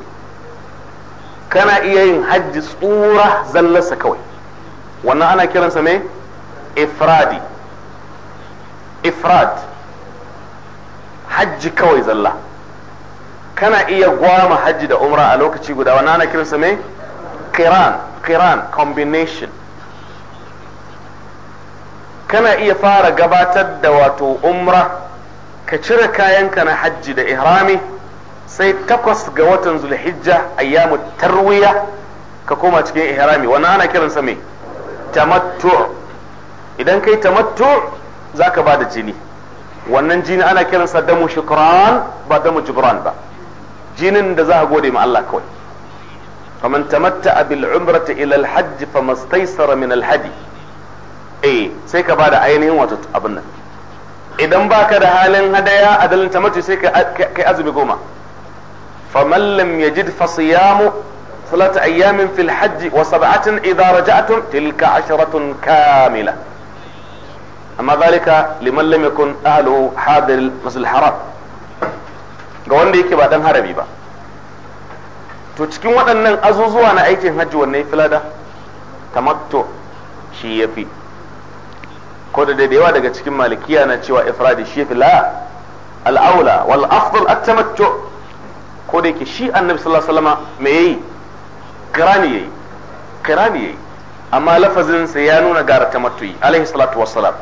kana iya yin hajji tsura zallarsa kawai wannan ana kiransa ne ifradi ifrad hajji kawai zalla kana iya gwama hajji da umra a lokaci guda wannan ana kiransa ne kiran kiran combination kana iya fara gabatar da wato umra ka cire kayanka na hajji da ihrami sai takwas ga watan zulhijja ayyamu tarwiya ka koma cikin ihrami wannan ana kiransa mai tamattu idan kai tamattu zaka bada jini wannan jini ana kiransa damu shukran ba damu jibran ba jinin da za a gode ma Allah kawai faman tamatta bil umrata ila al hajj famastaysara min al hadi eh sai ka bada ainihin wato abin nan idan baka da halin hadaya adalin tamattu sai kai azumi goma faman lam yajid fa siyamu salata ayyamin fil hajji wa sab'atin idza raja'tum tilka asharatun kamila amma zalika liman lam yakun ahluhu hadir masal haram ga wanda yake ba dan harabi ba to cikin waɗannan azuzuwa na aikin hajji wanne filada tamattu shi yafi ko da yawa daga cikin malikiya na cewa ifradi shi fila al'aula wal afdal at-tamattu ko da yake shi annabi sallallahu alaihi wasallam me yayi kirani yayi kirani yayi amma lafazin sa ya nuna gara tamattu'i alaihi salatu wassalam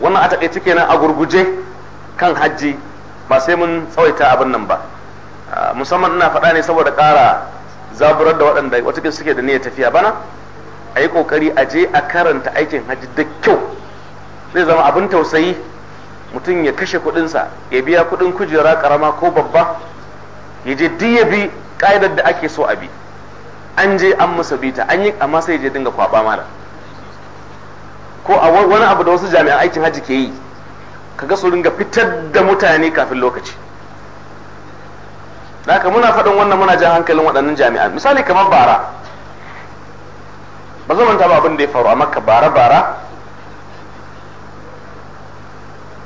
wannan a cike nan a gurguje kan hajji ba sai mun tsawaita abin nan ba ah, musamman ina faɗa ne saboda ƙara zaburar da waɗanda wata suke da niyyar tafiya bana a yi ƙoƙari a je a karanta aikin hajji da kyau zai zama abin tausayi mutum ya kashe kuɗinsa ya biya kuɗin kujera karama ko babba ya je duk bi ƙa'idar da ake so a bi an je an musa bita an yi amma sai ya je dinga kwaba mara ko a wani abu da wasu jami'an aikin hajji ke yi kaga su ringa fitar da mutane kafin lokaci da haka muna faɗin wannan muna jan hankalin waɗannan jami'an misali kamar bara ba zan manta ba abin da ya faru a makka bara bara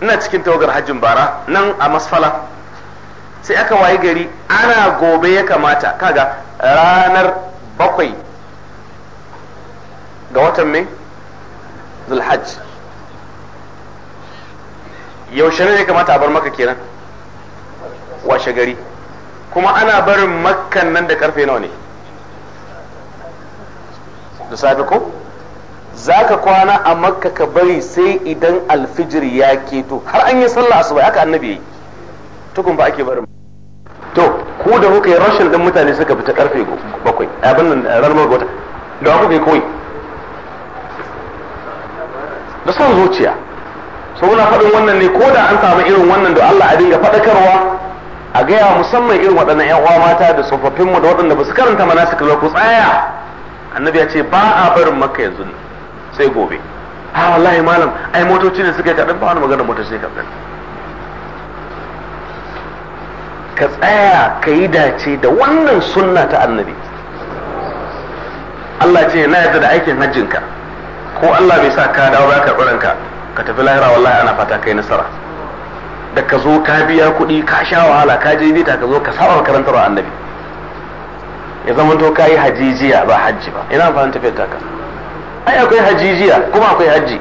ina cikin tawagar hajjin bara nan a masfala sai aka wayi gari ana gobe ya kamata kaga ranar bakwai ga watan mai zulhajj yaushe ne ya kamata a bar maka kenan washe gari kuma ana barin makkan nan da karfe nawa ne da safe ko za ka kwana a makka ka bari sai idan alfijir ya keto har an yi sallah asuba haka annabi yayi tukun ba ake barin to ku da kuka yi rashin din mutane suka fita karfe bakwai abin nan ranar wata da kuka yi koyi da son zuciya so muna faɗin wannan ne ko da an samu irin wannan da Allah a dinga faɗakarwa a gaya musamman irin waɗannan ƴan uwa mata da tsofaffinmu da waɗanda ba su karanta manasik ba ku tsaya annabi ya ce ba a barin makka yanzu sai gobe ha wallahi malam ai motoci ne suka yi kaɗan ba wani magana motar sai kaɗan ka tsaya ka yi dace da wannan sunna ta annabi Allah ce na yarda da aikin hajjinka ko Allah bai sa ka dawo ba ka ranka ka tafi lahira wallahi ana fata kai nasara da ka zo ka biya kuɗi ka sha wahala ka je bita ka zo ka saba karantarwa annabi ya zama to ka yi hajijiya ba hajji ba ina fahimta tafiyar ai akwai hajijiya kuma akwai hajji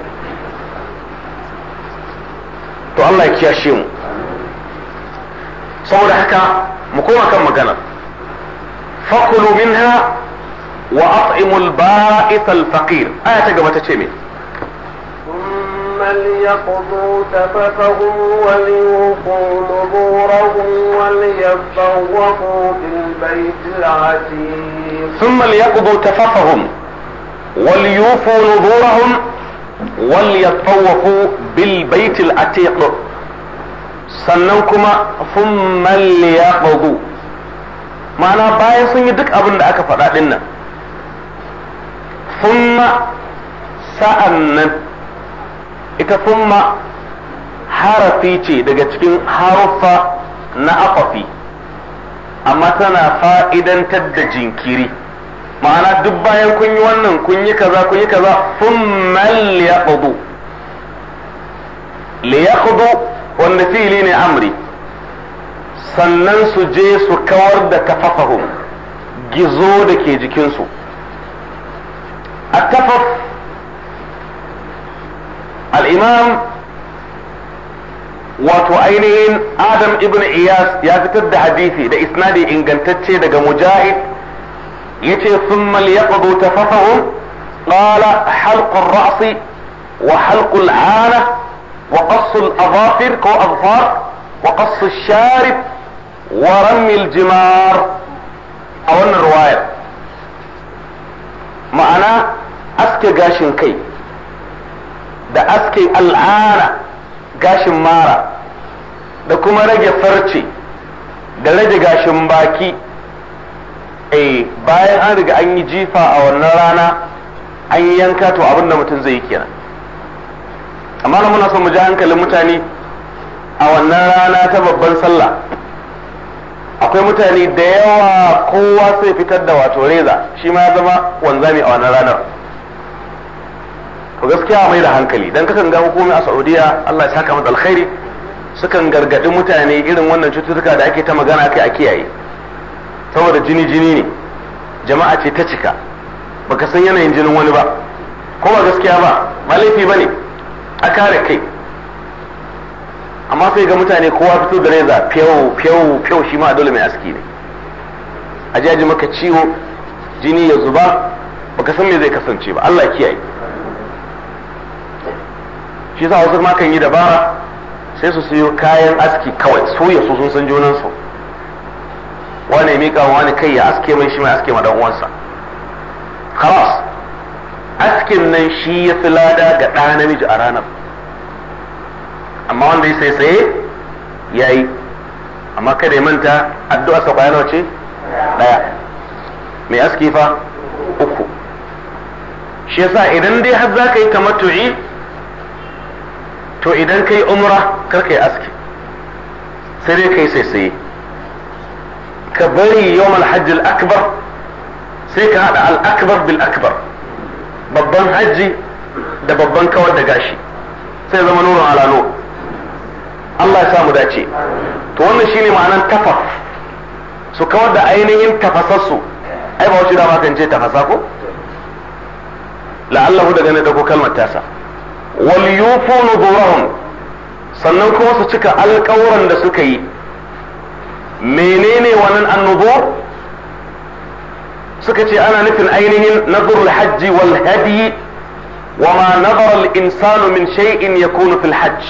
to Allah ya kiyashe mu saboda haka mu koma kan magana fakulu minha wa at'imul ba'ith al-faqir aya ta gaba ta ce me فليقضوا تففهم وليوفوا نذورهم وليطوفوا بالبيت العتيق ثم ليقضوا تففهم وليوفوا نذورهم وليطوفوا بالبيت العتيق sannan kuma sun ya ɓagu ma'ana bayan sun yi duk abin da aka faɗa ɗin Fumma sa'an nan ita fumma harafi ce daga cikin haruffa na afafi amma tana fa'idantar da jinkiri ma'ana duk bayan kun yi wannan kun yi kaza kun yi kaza thumma liyaqdu liyaqdu wanda fi'li ne amri sannan su je su kawar da kafafahum gizo da ke jikinsu al imam wato ainihin Adam ibn Iyas ya fitar da hadisi da isnadi ingantacce daga Mujahid yace sun liyaqdu tafafahum qala halq ar-ra's wa halq al-ana wa qass al-adhafir ko adfar wa qass ash-sharib wa ram al-jimar a wannan riwayar ma'ana aske gashin kai da aske al'ana gashin mara da kuma rage farce da rage gashin baki eh bayan an riga an yi jifa a wannan rana an yanka to abin da mutum zai yi kenan amma na muna son mu ji hankalin mutane a wannan rana ta babban sallah akwai mutane da yawa kowa sai fitar da wato reza shi ma ya zama wanzami a wannan ranar to gaskiya mai da hankali dan kakan ga hukumi a Saudiya Allah ya saka mata alkhairi sukan gargadi mutane irin wannan cututtuka da ake ta magana kai a kiyaye saboda jini jini ne jama'a ce ta cika baka san yanayin jinin wani ba ko ba gaskiya ba ba laifi ba ne a kare kai amma sai ga mutane kowa fito da reza fiyau fiyau fiyau shi ma dole mai aski ne a jaji maka ciwo jini ya zuba baka san me zai kasance ba Allah kiyaye shi sa wasu ma kan yi dabara sai su siyo kayan aski kawai su ya su sun san junansu wane mika wani kai ya aske mai shi mai aske ma dan uwansa khalas askin nan shi ya fi lada ga ɗa namiji a ranar amma wanda ya saisaye ya yi amma kada ya manta addu'a sa kwaya nawa ce ɗaya mai aske fa uku shi yasa idan dai har za ka yi tu'i to idan ka yi umra kar ka yi aski sai dai ka yi saisaye ka bari yawmal hajji al-akbar sai ka hada al-akbar bil akbar babban hajji da babban kawar da gashi sai zama nurun alano Allah ya samu dace to wannan shine ma'anan tafaf su kawar da ainihin tafasassu ai ba wasu da ma kan ce tafasa ko la'allahu daga ne dago kalmar tasa wal yufu nudurahum sannan kuma su cika alƙawuran da suka yi menene wannan annubur suka ce ana nufin ainihin nazarul hajji wal hadi wa ma nazara al insanu min shay'in yakunu fil hajj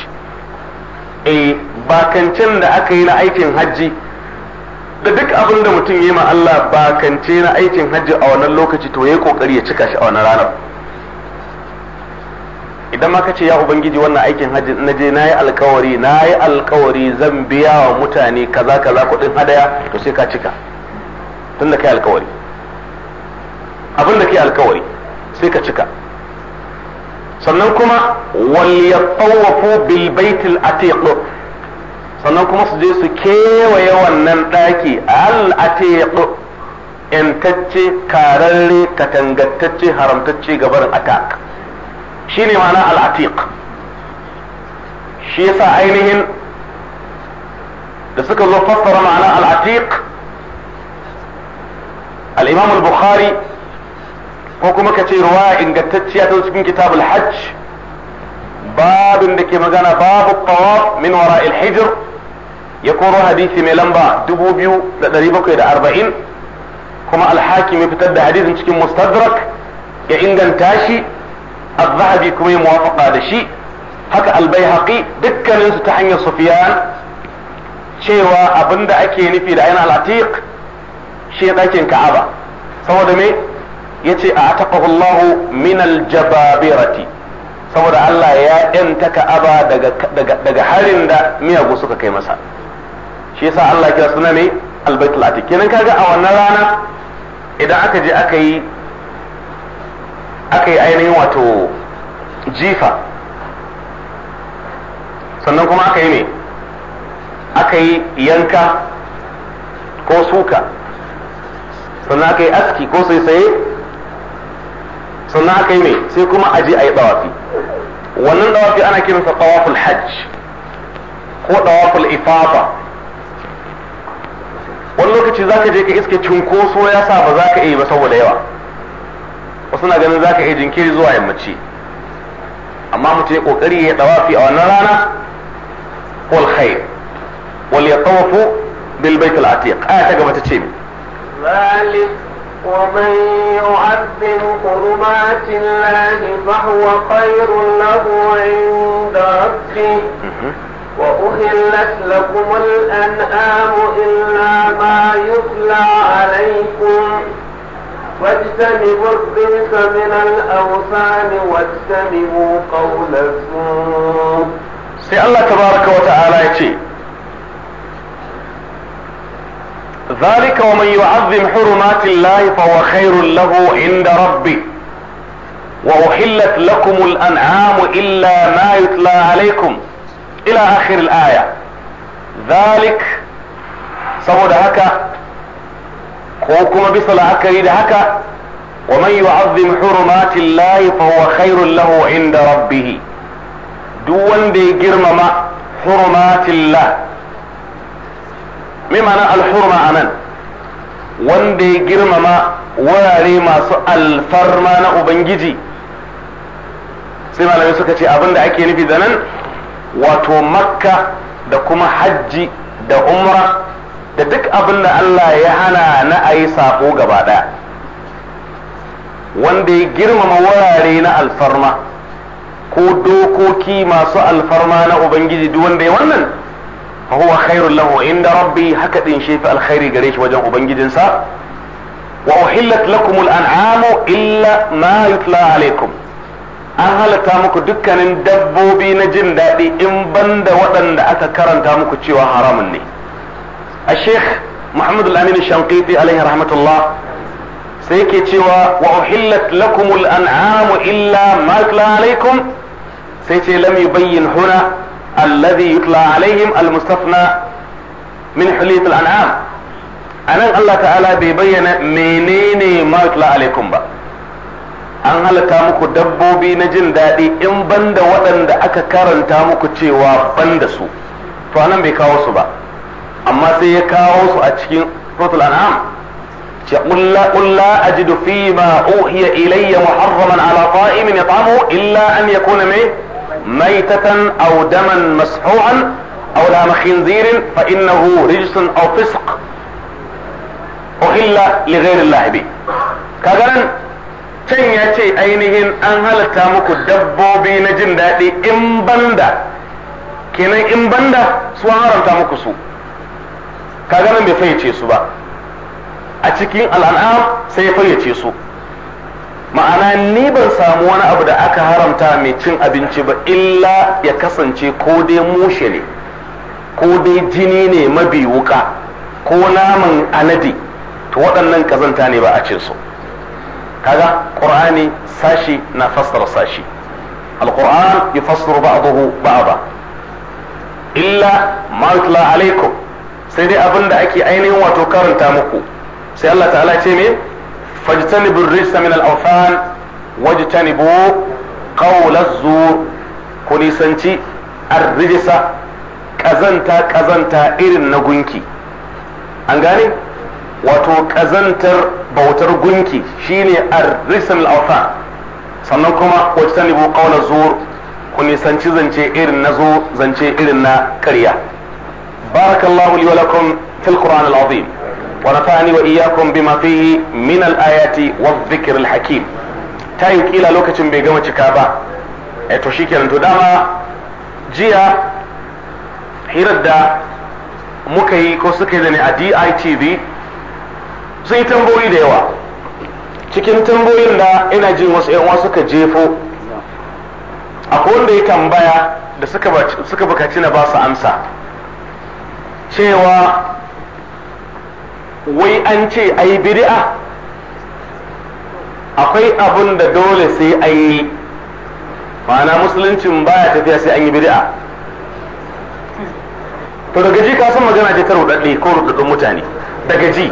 eh bakancin da aka yi na aikin haji da duk abin da mutum yi ma Allah bakance na aikin hajji a wannan lokaci to yayi kokari ya cika shi a wannan ranar idan ma kace ya ubangiji wannan aikin haji na je nayi alkawari nayi alkawari zan biya wa mutane kaza kaza kudin hadaya to sai ka cika tunda kai alkawari abin da kai alkawari sai ka cika sannan kuma wal yatawafu bil baitil atiq sannan kuma su je su kewaye wannan daki al atiq intacce kararre katangattacce haramtacce gabarin atak shine ma'ana al-atiq shi yasa ainihin da suka zo fassara ma'ana al-atiq al imamul bukhari ko kuma ka ce ruwa ingantacciya ta cikin kitabul hajj babin da ke magana babu tawaf min wara hijr ya koro hadisi mai lamba 2740 kuma al-hakim ya fitar da hadisin cikin mustadrak ya inganta shi a zahabi kuma ya muwafaqa da shi haka al-baihaqi dukkanin ta hanyar sufyan cewa abinda ake nufi da ayin al-atiq shi dakin ka'aba saboda me yace a ataqahu Allah jababirati saboda Allah ya yanta ka'aba daga daga harin da miyagu suka kai masa shi yasa Allah ya kira suna ne al-baitul atiq kenan kaga a wannan rana idan aka je aka yi aka yi ainihin wato jifa sannan kuma aka yi ne aka yi yanka ko suka sannan aka yi aski ko saye sannan aka yi ne sai kuma aji a yi dawafi wannan dawafi ana kiransa dawaful hajj ko dawaful ifafa wani lokaci za ka je ka iske cunkoso ya sa ba za ka iya ba saboda yawa wasu na ganin zaka iya jinkiri zuwa yammaci amma mutum ya kokari ya tawafi a wannan rana wal khair wal yatawafu bil bait al atiq aya ta gaba ta ce mi zalik wa man yu'azzim qurumat Allah fa huwa khairun lahu 'inda rabbih mhm. wa uhillat lakum al illa ma واجتنبوا الضيق من الأوثان واجتنبوا قول الزور الله تبارك وتعالى يتي ذلك ومن يعظم حرمات الله فهو خير له عند ربي وأحلت لكم الأنعام إلا ما يتلى عليكم إلى آخر الآية ذلك saboda هكا ko kuma bisa la'akari da haka wa man yu'azzim hurumatil lahi fa huwa khairul lahu inda rabbih duk wanda ya girmama hurumatil lah me ma'ana al hurma anan wanda ya girmama wurare masu alfarma na ubangiji sai malamai suka ce abin da ake nufi da nan wato makka da kuma hajji da umra da duk abin da Allah ya hana na a yi saƙo gaba ɗaya wanda ya girmama wurare na alfarma ko dokoki masu alfarma na ubangiji duk wanda ya wannan fa huwa lahu inda rabbi haka din shi alkhairi gare shi wajen ubangijinsa wa uhillat lakum al'amu illa ma yutla alaikum an halatta muku dukkanin dabbobi na jin daɗi in banda waɗanda aka karanta muku cewa haramun ne الشيخ محمد الأمين الشنقيطي عليه رحمة الله سيكي تشوى وأحلت لكم الأنعام إلا ما يتلى عليكم سيكي لم يبين هنا الذي يتلى عليهم المستثنى من حلية الأنعام أنا الله تعالى بيبين منين ما يتلى عليكم بقى an halaka muku dabbobi na jin daɗi in banda waɗanda aka karanta muku cewa banda su to anan bai kawo su ba amma sai ya kawo su a cikin suratul an'am ce qul la ajidu fi ma uhiya ilayya muharraman ala ta'imin yat'amu illa an yakuna mai maitatan aw daman masfuhan aw la khinzirin fa innahu rijsun aw fisq uhilla li ghayri allah bi kaga nan can ya ce ainihin an halatta muku dabbobi na jin daɗi in banda kenan in banda su haramta muku su kaga nan bai fayyace su ba a cikin al'an'am sai ya fayyace su ma'ana ni ban samu wani abu da aka haramta mai cin abinci ba illa ya kasance ko dai mushe ne ko dai jini ne mabi wuka ko naman anadi to waɗannan kazanta ne ba a ce su kaga ƙur'ani sashi na fassar sashi alquran ba a ba illa ma'aikula alaikum sai dai abin da ake ainihin wato karanta muku sai Allah ta'ala ce me fajtanibu rijsa min al-awthan wajtanibu qawla zur ku nisanci ar-rijsa kazanta kazanta irin na gunki an gane wato kazantar bautar gunki shine ar-rijsa min al sannan kuma wajtanibu qawla zur ku nisanci zance irin na zo zance irin na karya بارك الله لي ولكم في القرآن العظيم ونفعني وإياكم بما فيه من الآيات والذكر الحكيم tayin kila لوكة بيقوة كابا اتوشيك ba داما eh, جيا shikenan to dama jiya hirar اي تي yi سي تنبوي ديوا cikin tambayoyin da ina jin wasu yan wasu suka jefo akwai wanda ya tambaya da suka bukaci na ba su amsa cewa wai an ce ai bid'a akwai abun da dole sai an yi ma'ana musuluncin baya tafiya sai an yi bid'a to daga ji ka san magana ce ta rudadde ko rudaddun mutane daga ji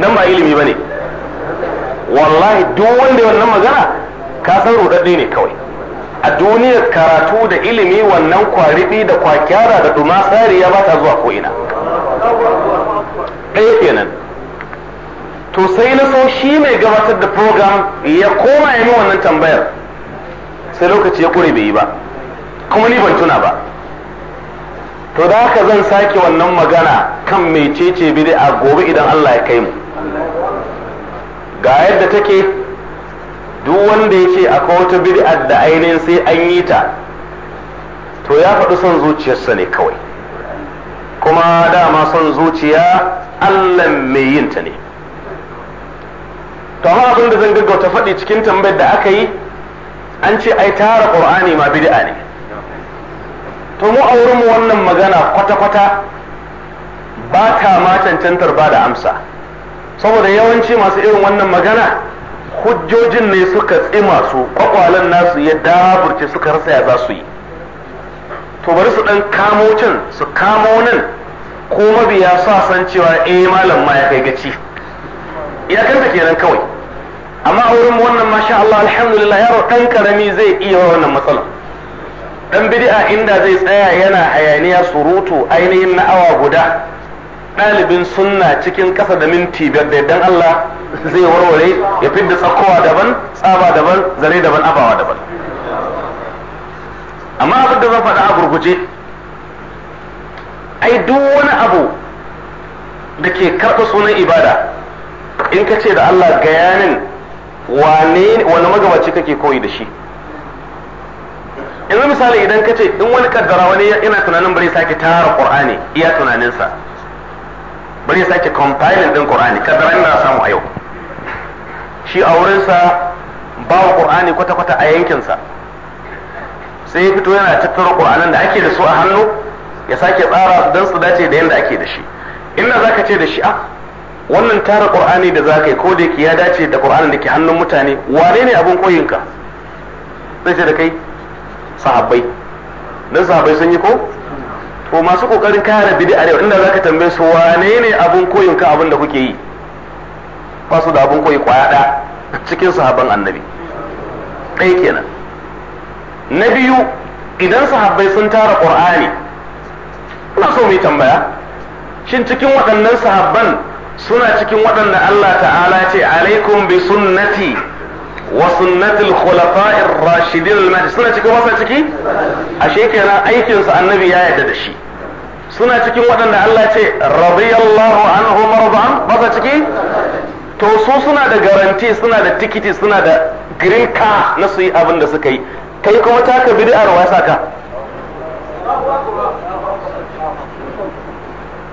nan ba ilimi bane wallahi duk wanda wannan magana ka san rudadde ne kawai a duniyar karatu da ilimi wannan kwaribi da kwakyara da ya ba ta zuwa ko'ina ɗaya kenan to sai na so shi mai gabatar da program ya koma ya wannan tambayar sai lokaci ya kure bai yi ba kuma ni ban tuna ba to da haka zan sake wannan magana kan mai cece bide a gobe idan Allah ya kai mu ga yadda take duk wanda ya ce akwai wata bid'ar da ainihin sai an yi ta to ya faɗi son zuciyarsa ne kawai kuma dama son zuciya allah mai yin ta ne to abin da zan gaggauta faɗi cikin tambayar da aka yi an ce ai tara qur'ani ma bid'a ne to mu a wurin wannan magana kwata-kwata ba ta ma cancantar ba da amsa saboda yawanci masu irin wannan magana hujjojin ne suka tsima su kwakwalen nasu ya daburce suka rasa ya za su yi to bari su dan kamo can su kamo nan ko mabiya sa san cewa eh malam ma ya kai gaci ke kenan kawai amma a wurin wannan masha Allah alhamdulillah yaro dan karami zai iya wannan matsala dan bid'a inda zai tsaya yana hayaniya surutu ainihin na awa guda ɗalibin sunna cikin ƙasa da minti biyar da Allah zai warware ya fidda tsakowa daban tsaba daban zare daban abawa daban amma abin da zan faɗa a gurguje ai duk wani abu da ke karɓa sunan ibada in ka ce da Allah gayanin wane wani magabaci kake koyi da shi yanzu misali idan ka ce in wani kaddara wani yana tunanin bari sake tara qur'ani iya tunaninsa bari sake compiling din qur'ani kaddara ina samu a yau shi a wurinsa ba wa ƙur'ani kwata-kwata a yankinsa sai ya fito yana tattara ƙur'anin da ake da su a hannu ya sake tsara su don su dace da yadda ake da shi inda za ka ce da shi a ah, wannan tara ƙur'ani da za ka yi ko da ya dace da ƙur'anin da ke hannun mutane wane ne abin koyinka zai ce da kai sahabbai don sahabbai sun yi ko to masu ƙoƙarin kare bid'a ne inda za ka tambaye su wane ne abin koyinka abin da kuke yi ba su da abin koyi kwaya ɗaya cikin sahabban annabi ɗaya kenan na biyu idan sahabbai sun tara ƙur'ani ina so mu tambaya shin cikin waɗannan sahabban suna cikin waɗanda Allah ta'ala ce alaikum bi sunnati wa sunnatil khulafa'ir rashidin al suna cikin wasa ciki ashe kenan aikin sa annabi ya yarda da shi suna cikin waɗanda Allah ce radiyallahu anhu mardan wasa ciki to su suna da garanti suna da tikiti suna da green car na su yi abin da suka yi kai kuma ta taka bid'ar wa ka?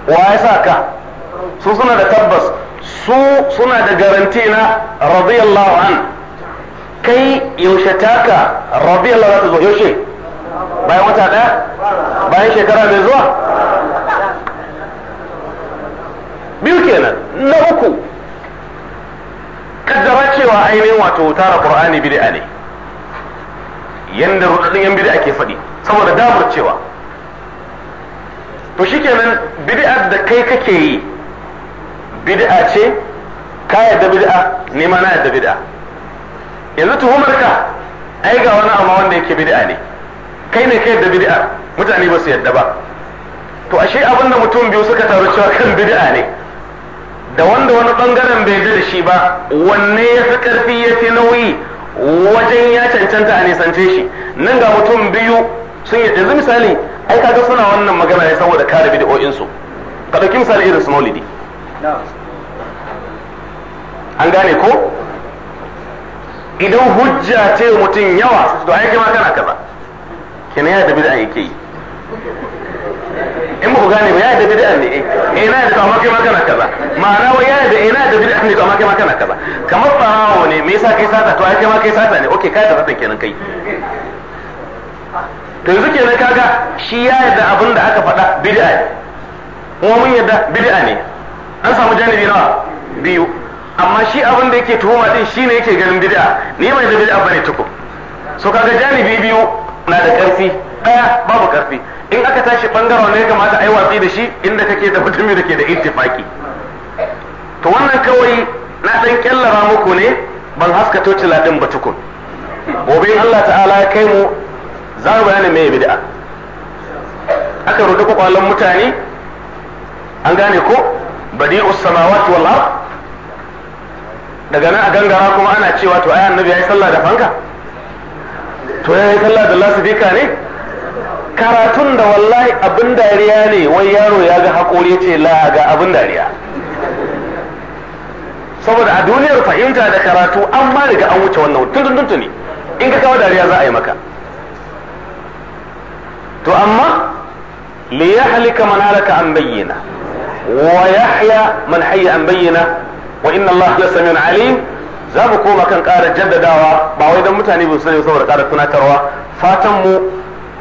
wa ya ka? su suna da tabbas su suna da garanti na radiyallahu an kai yaushe taka radiyallahu za ta zo yaushe bayan wata daya bayan shekara mai zuwa biyu kenan na uku kaddara cewa ainihin wato tara qur'ani bid'a ne yanda rudadin yan bid'a ke faɗi saboda damar cewa to shikenan bid'ar da kai kake yi bid'a ce ka yadda bid'a ne ma na yadda bid'a yanzu tuhumar ka ai ga wani amma wanda yake bid'a ne kai ne ka yadda bid'a mutane ba su yadda ba to ashe abin da mutum biyu suka taru cewa kan bid'a ne da wanda wani bangaren bai da shi ba wanne ya fi karfi ya fi nauyi wajen ya cancanta a nisance shi nan ga mutum biyu sun yi yanzu misali ai kaga suna wannan magana ne saboda kare bid'o'in su ka dauki misali irin su maulidi an gane ko idan hujja ce mutum yawa to ai kai kana kaza kina ya da bid'a yake yi in ba ku gane ba ya da bid'a ne eh ina eh, da amma kai ma kana kaza ma'ana wai ya da ina eh, da bid'a ne amma kai ma kana kaza kamar farawo ne me yasa kai sata to ai kai ma kai sata ne okay kai da sata kenan kai to yanzu kenan kaga shi ya yadda abin da aka faɗa bid'a ne kuma mun yadda bid'a ne an samu janibi nawa biyu amma shi abin da yake tuhuma din shine yake ganin bid'a ni mai da bid'a bane tuku so kaga janibi biyu na da karfi daya babu karfi in aka tashi bangaren ne kamata ai watsi da shi inda kake da mutumi da ke da ittifaki to wannan kawai na dan kyallara muku ne ban haska to tiladin ba tukun gobe in Allah ta'ala ya kai mu za mu bayani me bid'a aka rudu kwakwalen mutane an gane ko badi'us samawati wal ard daga nan a gangara kuma ana cewa to ai annabi yi sallah da fanka to yi sallah da lasifika ne karatun da wallahi abin dariya ne wai yaro ya ga haƙori ce la ga abin dariya saboda a duniyar fahimta da karatu an ma daga an wuce wannan tun tuni in ka kawo dariya za a yi maka to amma li yahlika man halaka an bayyana wa yahya man hayya an bayyana wa inna Allah samiun alim za mu koma kan ƙara jaddadawa ba wai don mutane ba su sani saboda ƙara tunatarwa fatan mu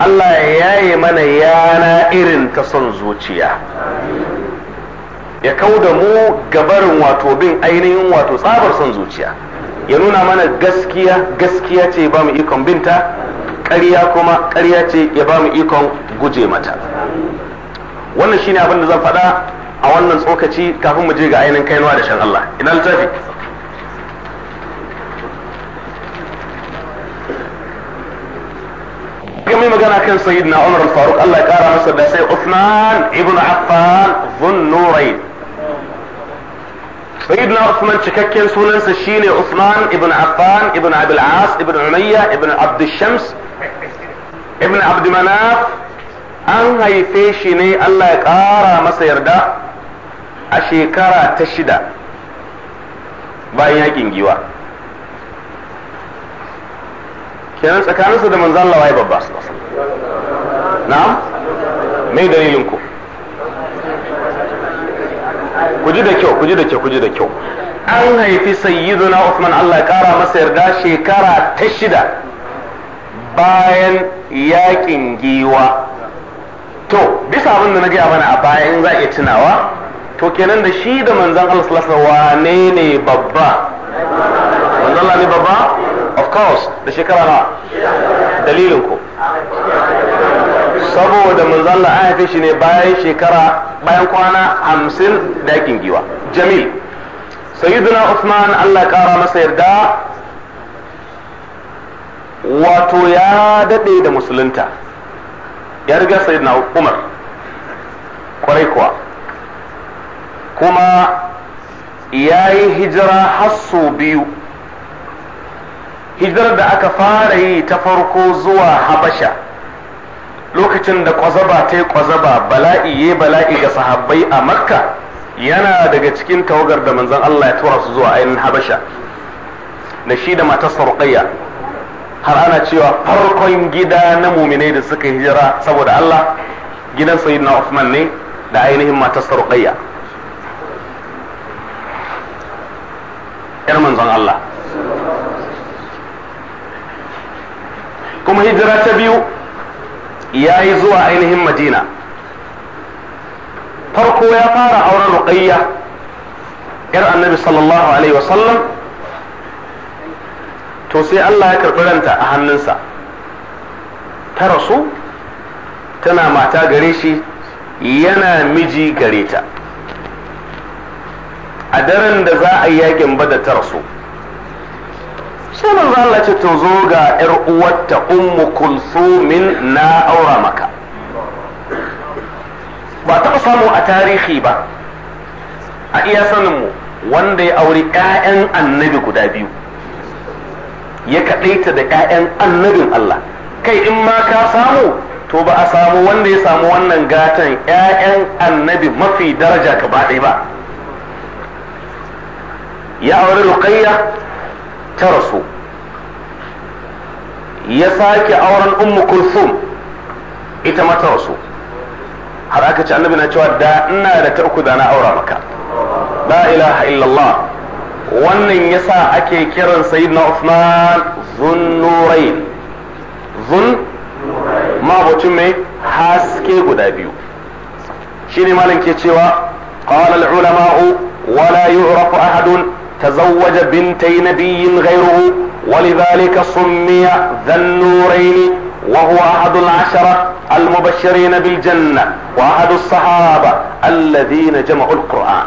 Allah ya yaye mana yana irin ta son zuciya ya kau da mu gabarin wato bin ainihin wato tsabar son zuciya ya nuna mana gaskiya gaskiya ce ba mu ikon binta ƙarya kuma ƙarya ce ya ba mu ikon guje mata wannan shine abin da zan faɗa a wannan tsokaci kafin mu je ga ainihin kainuwa da shan Allah ina littafi kai mai magana kan sayyidina Umar al Allah ya kara masa da sai ibn Affan dhun nurayn sayyidina usman cikakken sunansa shine usman ibn Affan ibn Abdul As ibn Umayya ibn Abd Shams ibn Abd Manaf an haife shi ne Allah ya kara masa yarda a shekara ta shida bayan yakin giwa kenan tsakaninsu da manzan Allah waye babba na'am mai dalilin ku ku ji da kyau ku ji da kyau ku ji da kyau an haifi sayyiduna Usman Allah ya kara masa yarda shekara ta shida bayan yakin giwa to bisa abin da na gaya mana a bayan za iya tunawa to kenan da shi da manzan Allah sallallahu alaihi wane ne babba manzan Allah ne babba of course da shekara na dalilin ku saboda manzalla an haife shi ne bayan shekara bayan kwana hamsin da yakin giwa jamil sayyiduna usman Allah kara masa yarda wato ya daɗe da musulunta ya riga sayyiduna Umar kwarai kuwa kuma ya yi hijira hasso biyu hijirar da aka fara yi ta farko zuwa habasha lokacin da kwazaba ta yi kwazaba bala'i ya bala'i ga sahabbai a makka yana daga cikin tawagar da manzon Allah ya tura su zuwa ainihin habasha da shi da matarsa ruqayya har ana cewa farkon gida na muminai da suka hijira saboda Allah gidan sayyidina Uthman ne da ainihin matarsa ruqayya yar manzon Allah kuma hijira ta biyu ya yi zuwa ainihin madina farko ya fara auren ruqayya yar annabi sallallahu alaihi wasallam to sai Allah ya karɓi ranta a hannunsa ta rasu tana mata gare shi yana miji gare ta a daren da za a yi yakin bada ta rasu sai manzo Allah ce to zo ga yar uwarta ummu kulsumin na aura maka ba taɓa samu a tarihi ba a iya sanin mu wanda ya auri 'ya'yan annabi guda biyu ya kaɗaita da 'ya'yan annabin Allah kai in ma ka samu to ba a samu wanda ya samu wannan gatan 'ya'yan annabi mafi daraja gaba ɗaya ba ya auri ruqayya ta rasu ya sake auren ummu kulsum ita mata wasu. har aka ce annabi na cewa da ina da ta uku da na aura maka la ilaha illallah wannan yasa ake kiran sayyidina Uthman zunnurain zun mabucin mai haske guda biyu shine malin ke cewa qala al-ulama'u wala yu'rafu ahadun tazawwaja bintay nabiyyin gairu. ولذلك سمي ذا النورين وهو أحد العشرة المبشرين بالجنة وأحد الصحابة الذين جمعوا القرآن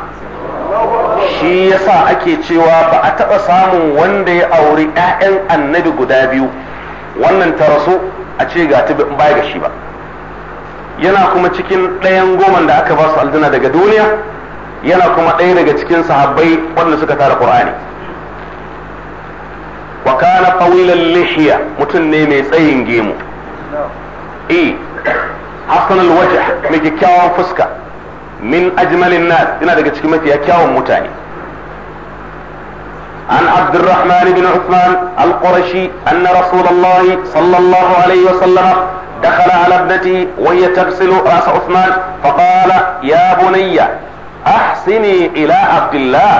shi yasa ake cewa ba a taɓa samun wanda ya auri 'ya'yan annabi guda biyu wannan ta rasu a ce ga ta baya ga shi ba yana kuma cikin ɗayan goman da aka ba su aljina daga duniya yana kuma ɗaya daga cikin sahabbai wanda suka tara ƙur'ani wa kana tawilan lihiya mutum ne mai tsayin gemu e hasan alwajh mai kyakkyawan fuska min ajmalin nas yana daga cikin mafiya kyawun mutane عن عبد الرحمن بن عثمان القرشي أن رسول الله صلى الله عليه وسلم دخل على ابنتي وهي تغسل رأس عثمان فقال يا بني أحسني إلى عبد الله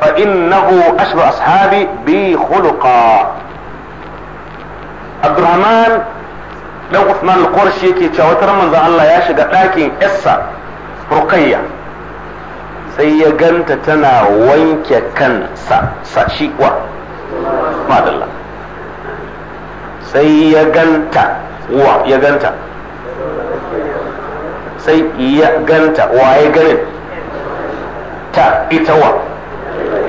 فإنه أشبه أصحابي بي خلقا عبد الرحمن dan Usman al-Qurshi yake cewa wata manzon Allah ya shiga ɗakin Issa Ruqayya sai ya ganta tana wanke kansa sashi wa wa sai ya ganta wa ganin ta ita wa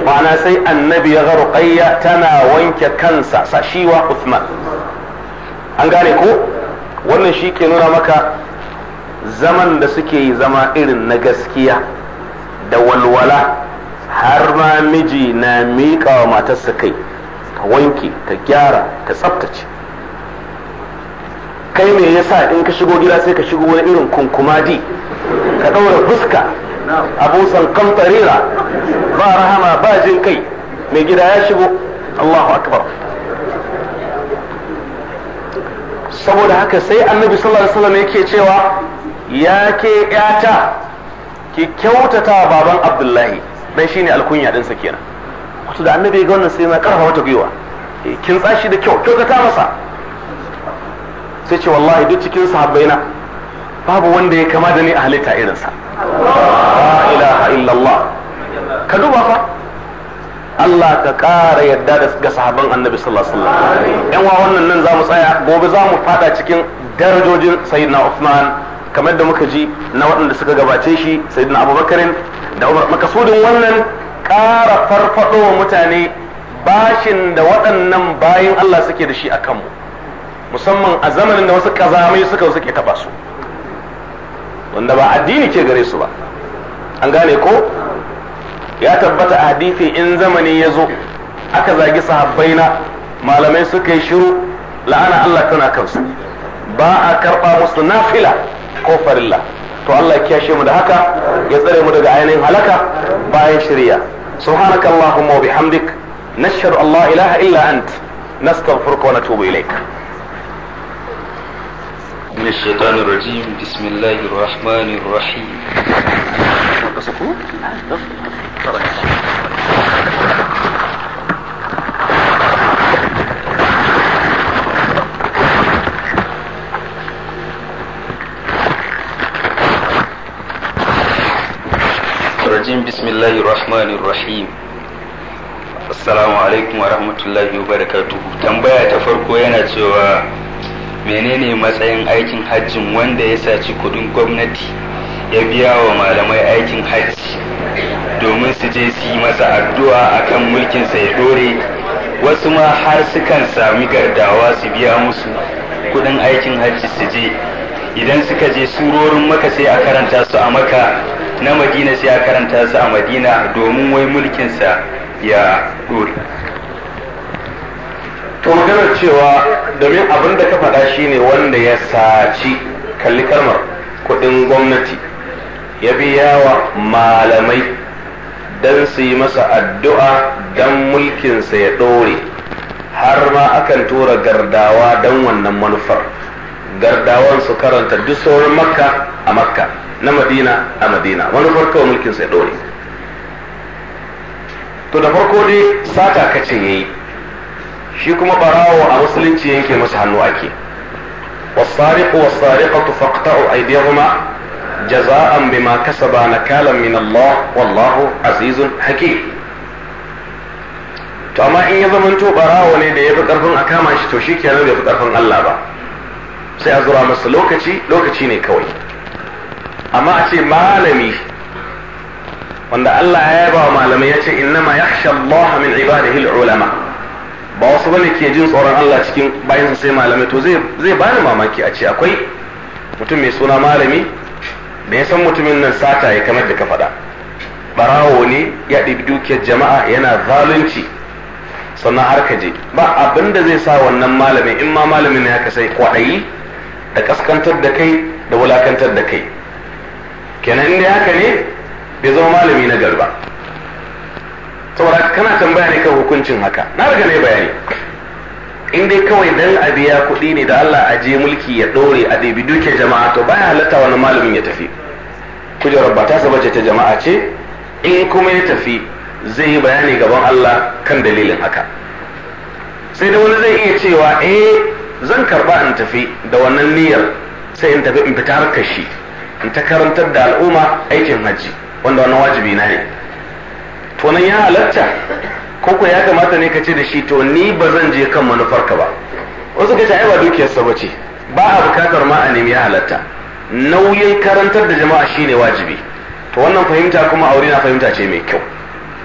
ma'ana sai annabi ya ga ruqayya tana wanke kansa sashiwa Uthman an gane ko wannan shi ke nuna maka zaman da suke yi zama irin na gaskiya da walwala har ma miji na miƙa wa matarsa kai ta wanke ta gyara ta tsaftace kai ne yasa in ka shigo gida sai ka shigo wani irin kunkumadi ka ɗaura fuska san kamtarira ba rahama ba jin kai mai gida ya shigo Allahu akbar saboda haka sai annabi sallallahu alaihi wasallam yake cewa ya ke yata ki kyautata baban abdullahi dan shine alkunya dinsa kenan wato da annabi ga wannan sai na karfa mata gwiwa eh, kin tsashi da kyau kyautata masa sai ce wallahi duk cikin sahabbaina babu wanda ya kama da ni a halitta irinsa la ilaha illallah ka duba fa Allah ka ƙara yadda ga sahaban annabi sallallahu alaihi wasallam yan wa wannan nan zamu tsaya gobe zamu fada cikin darajojin sayyidina Uthman kamar da muka ji na waɗanda suka gabace shi sayyidina Abubakar, da Umar makasudin wannan ƙara farfado wa mutane bashin da waɗannan bayin Allah suke da shi a kanmu musamman a zamanin da wasu kazamai suka suke taba su wanda ba addini ke gare su ba an gane ko ya tabbata a hadisi in zamani ya zo aka zagi sahabbai na malamai suka yi shiru la'ana Allah tana kansu ba a karɓa musu nafila ko farilla to Allah ya kiyashe mu da haka ya tsare mu daga ainihin halaka bayan shirya سبحانك اللهم وبحمدك نشهد الله إله إلا أنت نستغفرك ونتوب إليك من الشيطان الرجيم بسم الله الرحمن الرحيم ترك الرجيم بسم الله الرحمن الرحيم assalamu alaikum wa rahmatullahi wa barakatuhu tambaya ta farko yana cewa menene matsayin aikin hajji wanda ya saci kuɗin gwamnati ya biya wa malamai aikin hajji domin su je su yi masa addu'a akan mulkinsa ya ɗore, wasu ma har sukan sami gardawa su biya musu kuɗin aikin hajji su je idan suka je surorin maka sai a karanta su a maka na madina sai a karanta su a madina domin wai mulkinsa ya ɗore. to maganar cewa domin abin da ka faɗa shi ne wanda ya saci kalli kalmar kuɗin gwamnati ya biya wa malamai Dan su yi masa addu'a don mulkinsa ya ɗore har ma akan tura gardawa don wannan manufar gardawan su karanta duk sauran makka a makka na madina a madina manufar kawai mulkinsa ya ɗore to da farko dai sata kace ya yi shi kuma barawo a musulunci yanke masa hannu ake wasariku wasariqatu faqta'u aydiyahuma jaza'an بما كسبا نكالا من الله wallahu عزيز حكيم to amma in ya zamanto barawo ne da ya fi karfin a kama shi to shi kenan bai fi karfin Allah ba sai a zura masa lokaci lokaci ne kawai amma a ce malami wanda Allah ya yaba wa malamai ya ce ma yakhsha Allah min ibadihi ulama ba wasu bane ke jin tsoron Allah cikin bayan sai malamai to zai zai bani mamaki a ce akwai mutum mai suna malami da ya san mutumin nan sata ya kamar da ka faɗa barawo ne ya ɗibi dukiyar jama'a yana zalunci sannan har ka je ba abin da zai sa wannan malamin in ma malamin ya ka sai kwaɗayi da ƙaskantar da kai da wulakantar da kai kenan inda haka ne bai zama malami na garba saboda kana tambaya ne kan hukuncin haka na riga ne bayani in dai kawai dan a biya kuɗi ne da Allah a je mulki ya ɗore a ɗebi duke jama'a to baya halatta wani malamin ya tafi kujerar rabba ta bace ta jama'a ce in kuma ya tafi zai yi bayani gaban Allah kan dalilin haka sai da wani zai iya cewa eh zan karba in tafi da wannan niyyar sai in tafi in fita harkar shi in ta karantar da al'umma aikin hajji wanda wannan wajibi na ne to nan ya halatta koko ya kamata ne ka ce da shi to ni ba zan je kan manufarka ba wasu ka ce ai ba dukiyar ba ce ba a bukatar ma a nemi ya halatta nauyin karantar da jama'a shine wajibi to wannan fahimta kuma aure na fahimta ce mai kyau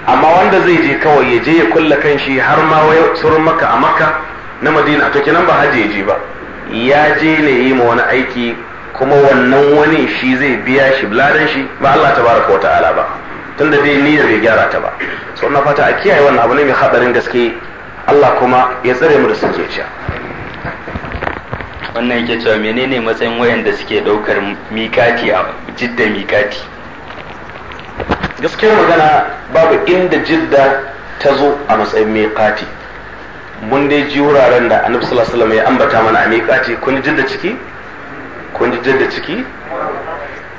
amma wanda zai je kawai ya je ya kulla kan shi har ma wai surun maka a makka na madina to kenan ba haji ya je ba ya je ne yi ma wani aiki kuma wannan wani shi zai biya shi ladan shi ba Allah tabaraka wa ta'ala ba tun da dai niyyar bai gyara ta ba so na fata a kiyaye wannan abu ne mai hadarin gaske Allah kuma ya tsare mu da sun zuciya wannan yake cewa menene matsayin wayanda suke ɗaukar mikati a jidda mikati gaskiyar magana babu inda jidda ta zo a matsayin mikati mun dai ji wuraren da annabi sallallahu alaihi wasallam ya ambata mana a mikati kun ji ciki kun ji ciki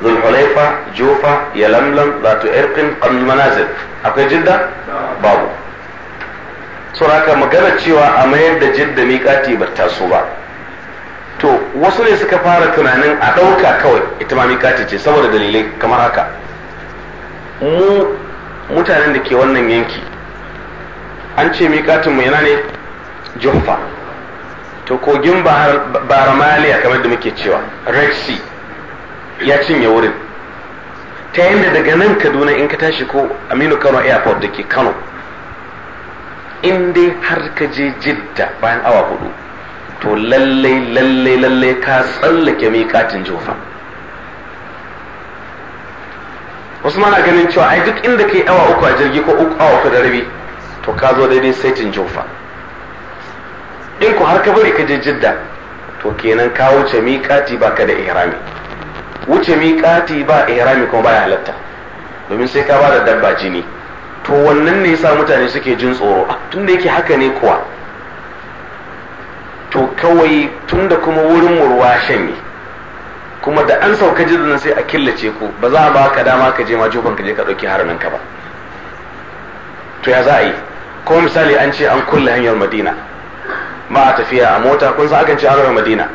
zulhulaifa jofa yalamlam zatu irqin qamil manazil akwai jidda babu haka magana cewa a mayar da jidda miƙati ba taso ba to wasu ne suka fara tunanin a ɗauka kawai ita ma miƙati ce saboda dalilai kamar haka mu mutanen da ke wannan yanki an ce miƙatin mu yana ne jofa to kogin baramaliya kamar da muke cewa red sea ya cinye wurin ta yadda daga nan kaduna in ka tashi ko aminu kano airport da ke kano in dai har ka je jidda bayan awa hudu to lallai lallai lallai ka tsallake miƙatin jofa wasu mana ganin cewa ai duk inda kai awa uku a jirgi ko uku awa uku da rabi to ka zo daidai saitin jofa in ku har ka bari ka je jidda to kenan ka wuce miƙati baka da ihrami wuce miƙati ba ihrami kuma baya halatta domin sai ka ba da dabba jini to wannan ne yasa mutane suke jin tsoro ah, tun da yake haka ne kuwa to kawai tun da kuma wurin murwa shanye kuma da an sauka jirgin sai a killace ku ba za a ba ka dama ka je ma jofan ka je ka ɗauki haramin ka ba to ya za a yi kuma misali an ce an kulle hanyar madina ma a tafiya a mota kun sa akan ce hanyar madina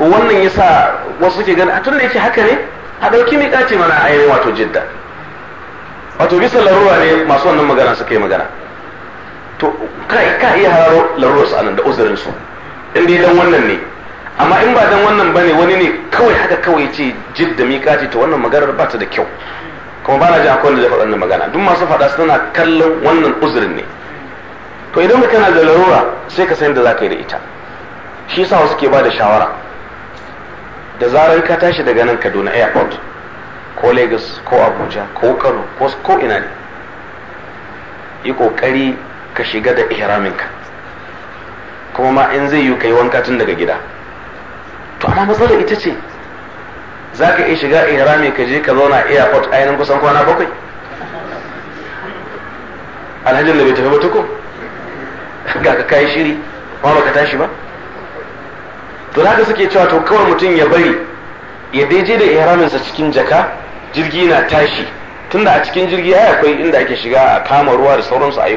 to wannan sa wasu ke gani a tun da yake haka ne a ɗauki mai ɗaci mana a yi wato jidda wato bisa larura ne masu wannan magana suka yi magana to ka iya hararo larura su anan da uzurin su in dai dan wannan ne amma in ba dan wannan bane wani ne kawai haka kawai ce jidda miƙaci to wannan maganar ba ta da kyau kuma ba na ji akwai wanda zai faɗa wannan magana duk masu faɗa suna kallon wannan uzurin ne to idan kana da larura sai ka san da za ka yi da ita shi yasa wasu ke ba da shawara da zarar ka tashi daga nan kaduna airport ko lagos ko abuja ko kano ko ina ne yi kokari ka shiga da ihraminka kuma ma in zai yi kai wanka tun daga gida to amma matsalar ita ce za ka iya shiga ihrami ka je ka zauna airport ainihin kusan kwana bakwai alhajin da bai tafi ba ga ka kayi shiri ba ka tashi ba to haka suke cewa to kawai mutum ya bari ya daidai da ihraminsa cikin jaka jirgi na tashi tunda a cikin jirgi ai akwai inda ake shiga a kama ruwa da sauransu a yi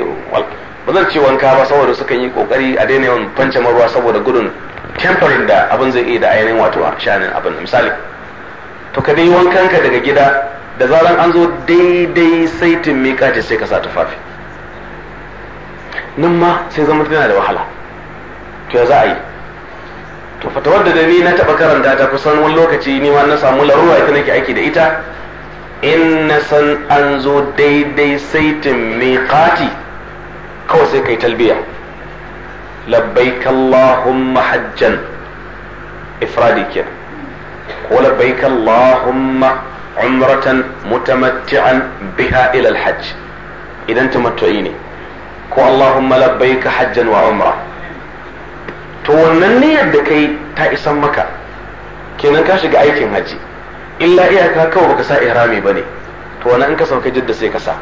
ba zan ce wanka ba saboda sukan yi kokari a daina yawan fance ruwa saboda gudun temporary da abin zai iya da ainihin wato a shanin abin misali to ka dai ka daga gida da zaran an zo daidai saitin miƙa ce sai ka sa tufafi nan ma sai zama tana da wahala to ya za a yi to fatawar da ni na taɓa karanta ta kusan wani lokaci ni ma na samu larura ita nake aiki da ita in na san an zo daidai saitin miƙati kawai sai kai talbiya labbaik Allahumma hajjan ifradi kin ko labbaik Allahumma umratan mutamatti'an biha ila al-hajj idan tamattu'i ne ko Allahumma labbaik hajjan wa umra to wannan niyyar da kai ta isan maka kenan ka shiga aikin haji illa iyaka kawai baka sa ihrami bane to wannan in ka sauka jidda sai ka sa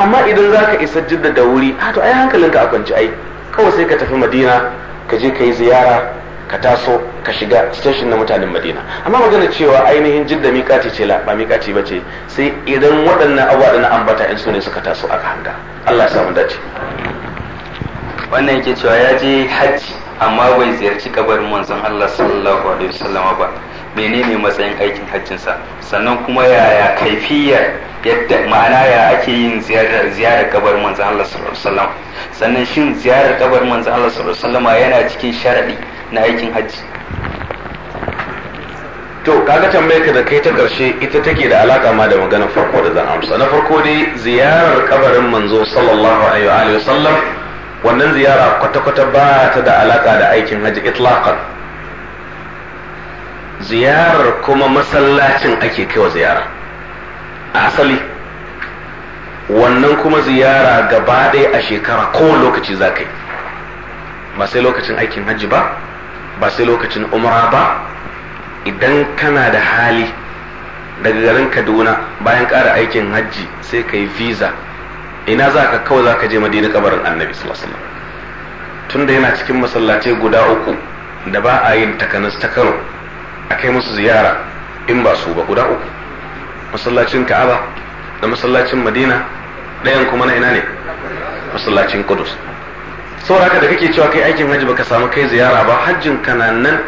amma idan zaka isa jidda da wuri a to ai hankalinka a kwanci ai kawai sai ka tafi madina ka je ka yi ziyara ka taso ka shiga station na mutanen madina amma magana cewa ainihin jidda miƙati ce ba miƙati ba ce sai idan waɗannan abubuwa da na ambata in su ne suka taso aka hanga Allah ya samu dace wannan yake cewa ya je hajji amma bai ziyarci kabarin manzon Allah sallallahu alaihi wasallama ba menene matsayin aikin hajjinsa sannan kuma yaya kaifiyar yadda ma'ana ya ake yin ziyarar ziyarar kabarin manzon Allah sallallahu alaihi wasallama sannan shin ziyarar kabarin manzon Allah sallallahu alaihi wasallama yana cikin sharadi na aikin hajji to kaga tambayar ka da kai ta karshe ita take da alaka ma da maganar farko da zan amsa na farko dai ziyarar kabarin manzo sallallahu alaihi wa wannan ziyara kwata-kwata ba ta da alaka da aikin hajji itlaqan ziyarar kuma masallacin ake kaiwa ziyara a asali wannan kuma ziyara gaba ɗaya a shekara kowane lokaci za ka yi ba sai lokacin aikin hajji ba ba sai lokacin umra ba idan kana da hali daga garin kaduna bayan ƙara aikin hajji sai ka yi visa ina za ka kawai za ka je madina kabarin annabi sallallahu alaihi wasallam tunda yana cikin masallaci guda uku da ba a yin takanas ta kano a kai musu ziyara in ba su ba guda uku masallacin ka'aba da masallacin madina ɗayan kuma na ina ne masallacin kudus ka da kake cewa kai aikin hajji baka samu kai ziyara ba hajjin kana nan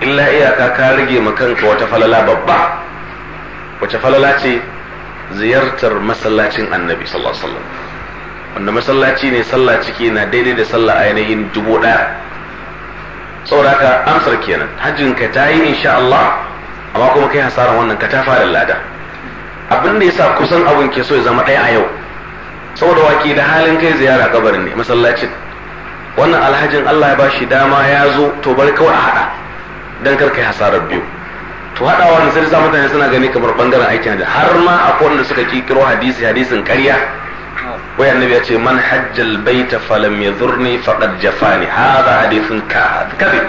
illa iyaka ka rage ma kanka wata falala babba wace falala ce ziyartar masallacin annabi sallallahu alaihi wasallam wanda masallaci ne sallah ciki na daidai da sallah ainihin dubu ɗaya saboda haka amsar kenan hajjin ka tayi yi insha Allah amma kuma kai hasaran wannan ka ta fara lada abin da yasa kusan abin ke so ya zama ɗaya a yau saboda wake da halin kai ziyara kabarin ne masallacin wannan alhajin Allah ya bashi dama ya zo to bari kawai a haɗa don kar kai hasarar biyu to haɗawa da sai sa mutane suna gani kamar bangaren aikin da har ma akwai wanda suka kikiro hadisi hadisin ƙarya wai annabi ya ce man hajjal baita falam yadhurni faqad jafani hadha hadithun kadhib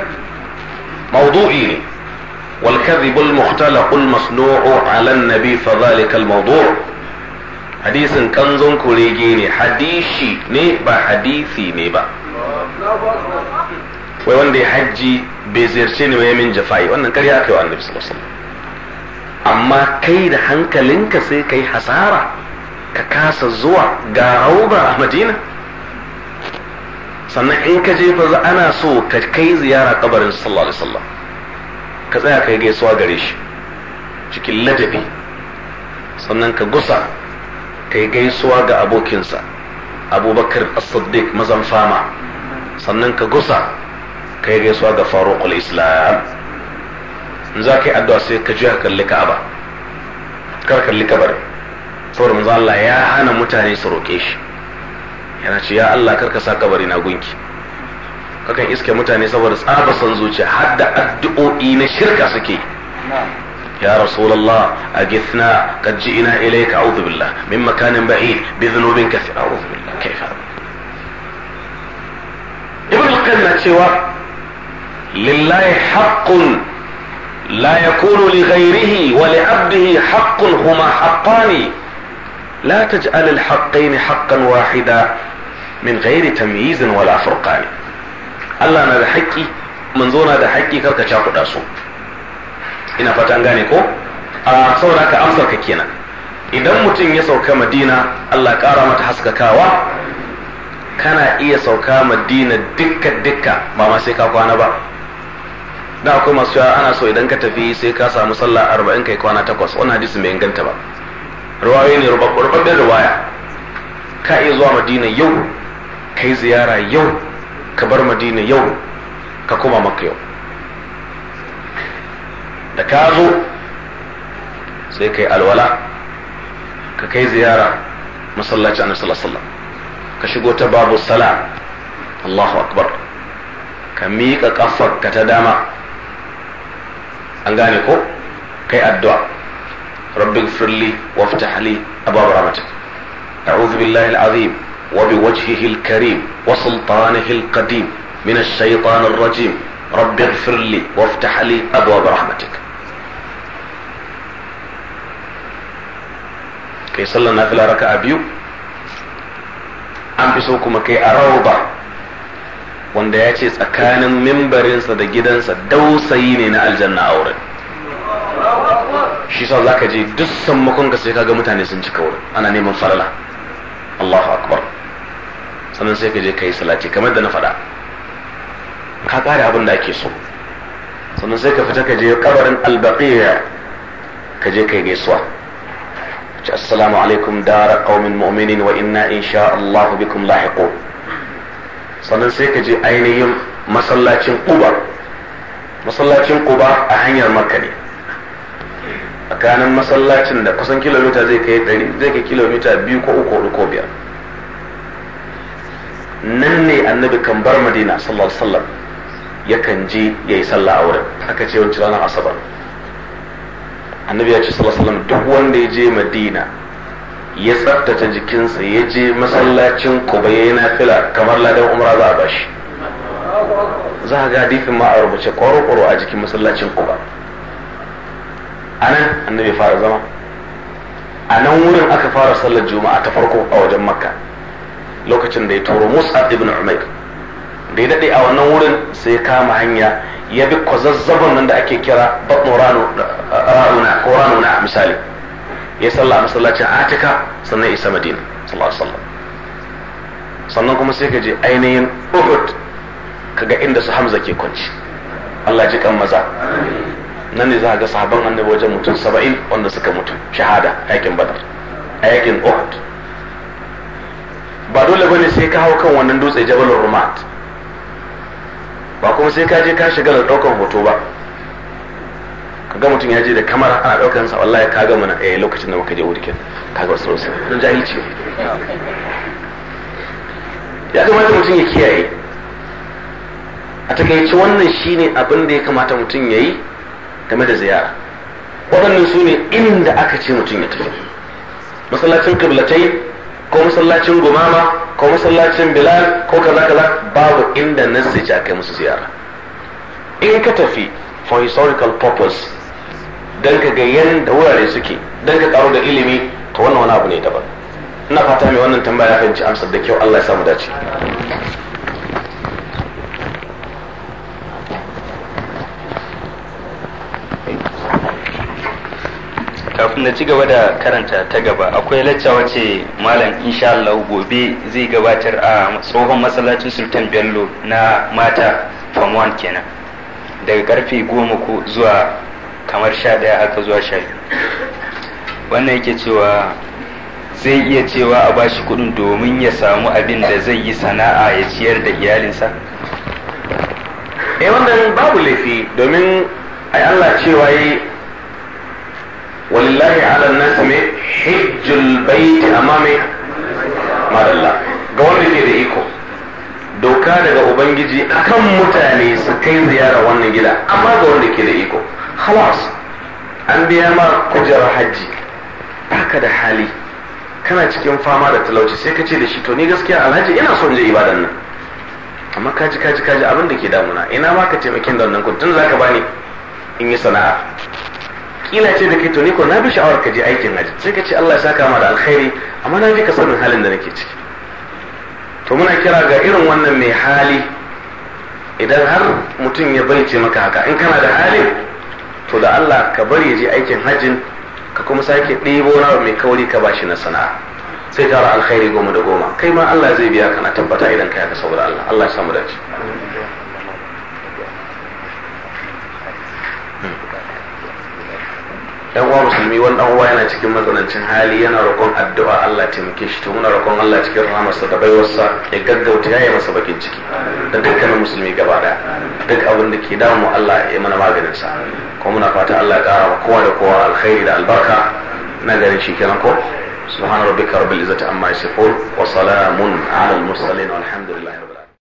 mawdu'i ne wal kadhib al mukhtalaq al masnu'u ala an nabi fa dhalika al hadisin kanzon kurege ne hadisi ne ba hadisi ne ba wai wanda ya hajji bai ziyarce ni ba ya min jafa'i wannan karya aka yi wa annabi sallallahu alaihi amma kai da hankalinka sai kai hasara ka kasa zuwa ga rauba a madina sannan in ka je fa ana so ka kai ziyara kabarin sallallahu alaihi wasallam ka tsaya kai gaisuwa gare shi cikin ladabi sannan ka gusa kai gaisuwa ga abokinsa abubakar as-siddiq mazan fama sannan ka gusa kai gaisuwa ga faruƙul islam in za ka yi addu'a sai ka juya kalli ba kar kalli bari. saboda manzo Allah ya hana mutane su roƙe shi yana ce ya Allah kar ka sa kabari na gunki kakan iske mutane saboda tsaba san zuciya har da addu'o'i na shirka suke يا رسول الله أجثنا قد جئنا إليك أعوذ بالله من مكان بعيد بذنوب كثيرة أعوذ بالله كيف هذا ابن القيم cewa lillahi haqqun la yakunu li ghayrihi wa 'abdihi haqqun huma haqqani la taj'al al-haqqayn haqqan wahida min ghairi tamyiz wala furqan Allah na da haƙƙi manzo na da haƙƙi karka cakuɗa su ina fata an gane ko a saboda ka amsar ka kenan idan mutum ya sauka madina Allah ƙara mata haskakawa kana iya sauka madina dukka dukka ba ma sai ka kwana ba da akwai masu cewa ana so idan ka tafi sai ka samu sallah arba'in kai kwana takwas wani hadisi mai inganta ba ruwaye ne rubabben ruwaya ka iya zuwa madina yau ka yi ziyara yau ka bar madina yau ka koma maka yau da ka zo sai ka yi alwala ka kai ziyara masallaci annabi ka shigo ta babu sala Allahu akbar ka miƙa ƙafar ka ta dama an gane ko kai addu'a rabbi firli waftah li abwab rahmatik a'udhu billahi al-azim wa biwajhihi al-karim wa sultanihi al-qadim min ash-shaytan ar-rajim rabbi firli waftah li abwab rahmatik kai sallan nafila raka'a biyu an fi so kuma kai a rawba wanda ya ce tsakanin mimbarinsa da gidansa dausayi ne na aljanna a wurin shi sa za ka je duk sammakon ka sai kaga mutane sun cika wurin ana neman farala Allahu akbar sannan sai ka je ka yi salati kamar da na faɗa ka ƙara abin da ake so sannan sai ka fita ka je kabarin albaqiya ka je ka yi gaisuwa assalamu alaikum dara qaumin mu'minin wa inna insha Allahu bikum lahiqun sannan sai ka je ainihin masallacin kuba masallacin kuba a hanyar makka ne tsakanin masallacin da kusan kilomita zai kai dari, zai kai kilomita biyu ko uku ko biyar nan ne annabi kan bar madina sallallahu sallam, yakan je ya yi sallah a wurin aka ce wancan ranar asabar annabi ya ce sallallahu sallam duk wanda ya je madina ya tsabtace jikinsa ya je masallacin kuba ya yi nafila kamar ladan umra za a bashi za a ga difin ma a rubuce kwaro-kwaro a jikin masallacin kuba a nan annabi fara zama a nan wurin aka fara sallar juma'a ta farko a wajen makka lokacin da ya turo musa ibn umair da ya daɗe a wannan wurin sai ya kama hanya ya bi kwazazzabon nan da ake kira batno rano ko ranuna na misali ya sallah a masallacin atika sannan isa madina sallallahu sallam sannan kuma sai ka je ainihin uhud kaga inda su hamza ke kwanci Allah ji kan maza nan ne za ga sahaban annabi wajen mutum saba'in wanda suka mutu shahada yakin badar a yakin uhud ba dole bane sai ka hau kan wannan dutse jabal rumat ba kuma sai ka je ka shiga da daukan hoto ba ga mutum ya je da kamar ana daukar sa wallahi ka ga mana eh lokacin da muka je wurin ka ga wasu don jahilci ya kamata mutum ya kiyaye a takaice wannan shine abin da ya kamata mutum yayi yi game da ziyara waɗannan su ne inda aka ce mutum ya tafi masallacin kiblatai ko masallacin gumama ko masallacin bilal ko kaza kaza babu inda nan sai ce aka musu ziyara in ka tafi for historical purpose don ka ga yanda wurare suke don ka karu da ilimi to wannan wani abu ne daban ina fata mai wannan tambaya ya fahimci amsar da kyau Allah ya samu dace kafin na ci gaba da karanta ta gaba akwai lacca wace malam insha Allah gobe zai gabatar a tsohon masallacin sultan bello na mata form kenan daga karfe goma ko zuwa kamar sha ɗaya haka zuwa sha wannan yake cewa zai iya cewa a bashi kuɗin domin ya samu abin da zai yi sana'a ya ciyar da iyalinsa eh wannan babu laifi domin ai Allah cewa yi wallahi ala nas me hijjul bait amame Maralla. ga wanda ke da iko doka daga ubangiji akan mutane su kai ziyara wannan gida amma ga wanda ke da iko خلاص an biya ma kujerar hajji baka da hali kana cikin fama da talauci sai ka ce da shi to ni gaskiya alhaji ina son je ibadan nan amma kaji kaji kaji abin da ke damuna ina ma ka taimakin da wannan kudin zaka bani in yi sana'a kila ce da kai to ni ko na bi sha'awar ka je aikin haji sai ka ce Allah ya saka ma da alkhairi amma na ji ka sanin halin da nake ciki to muna kira ga irin wannan mai hali idan har mutum ya baice maka haka in kana da hali to da Allah ka bari ya je aikin hajjin ka kuma sake ɗebo na mai kauri ka bashi na sana'a sai tara alkhairi goma da goma kai ma Allah zai biya kana tabbata idan ka yaka saboda Allah Allah ya samu dace dan uwa musulmi wani dan uwa yana cikin matsanancin hali yana roƙon addu'a Allah taimake shi to muna roƙon Allah cikin rahamarsa da baiwarsa ya gaggauta ya yi masa bakin ciki da dukkanin musulmi gaba daya duk abin da ke damu Allah ya mana maganin sa kuma muna fata Allah ya ƙara kowa da kowa alkhairi da albarka na ganin shi kenan ko سبحان ربك رب العزة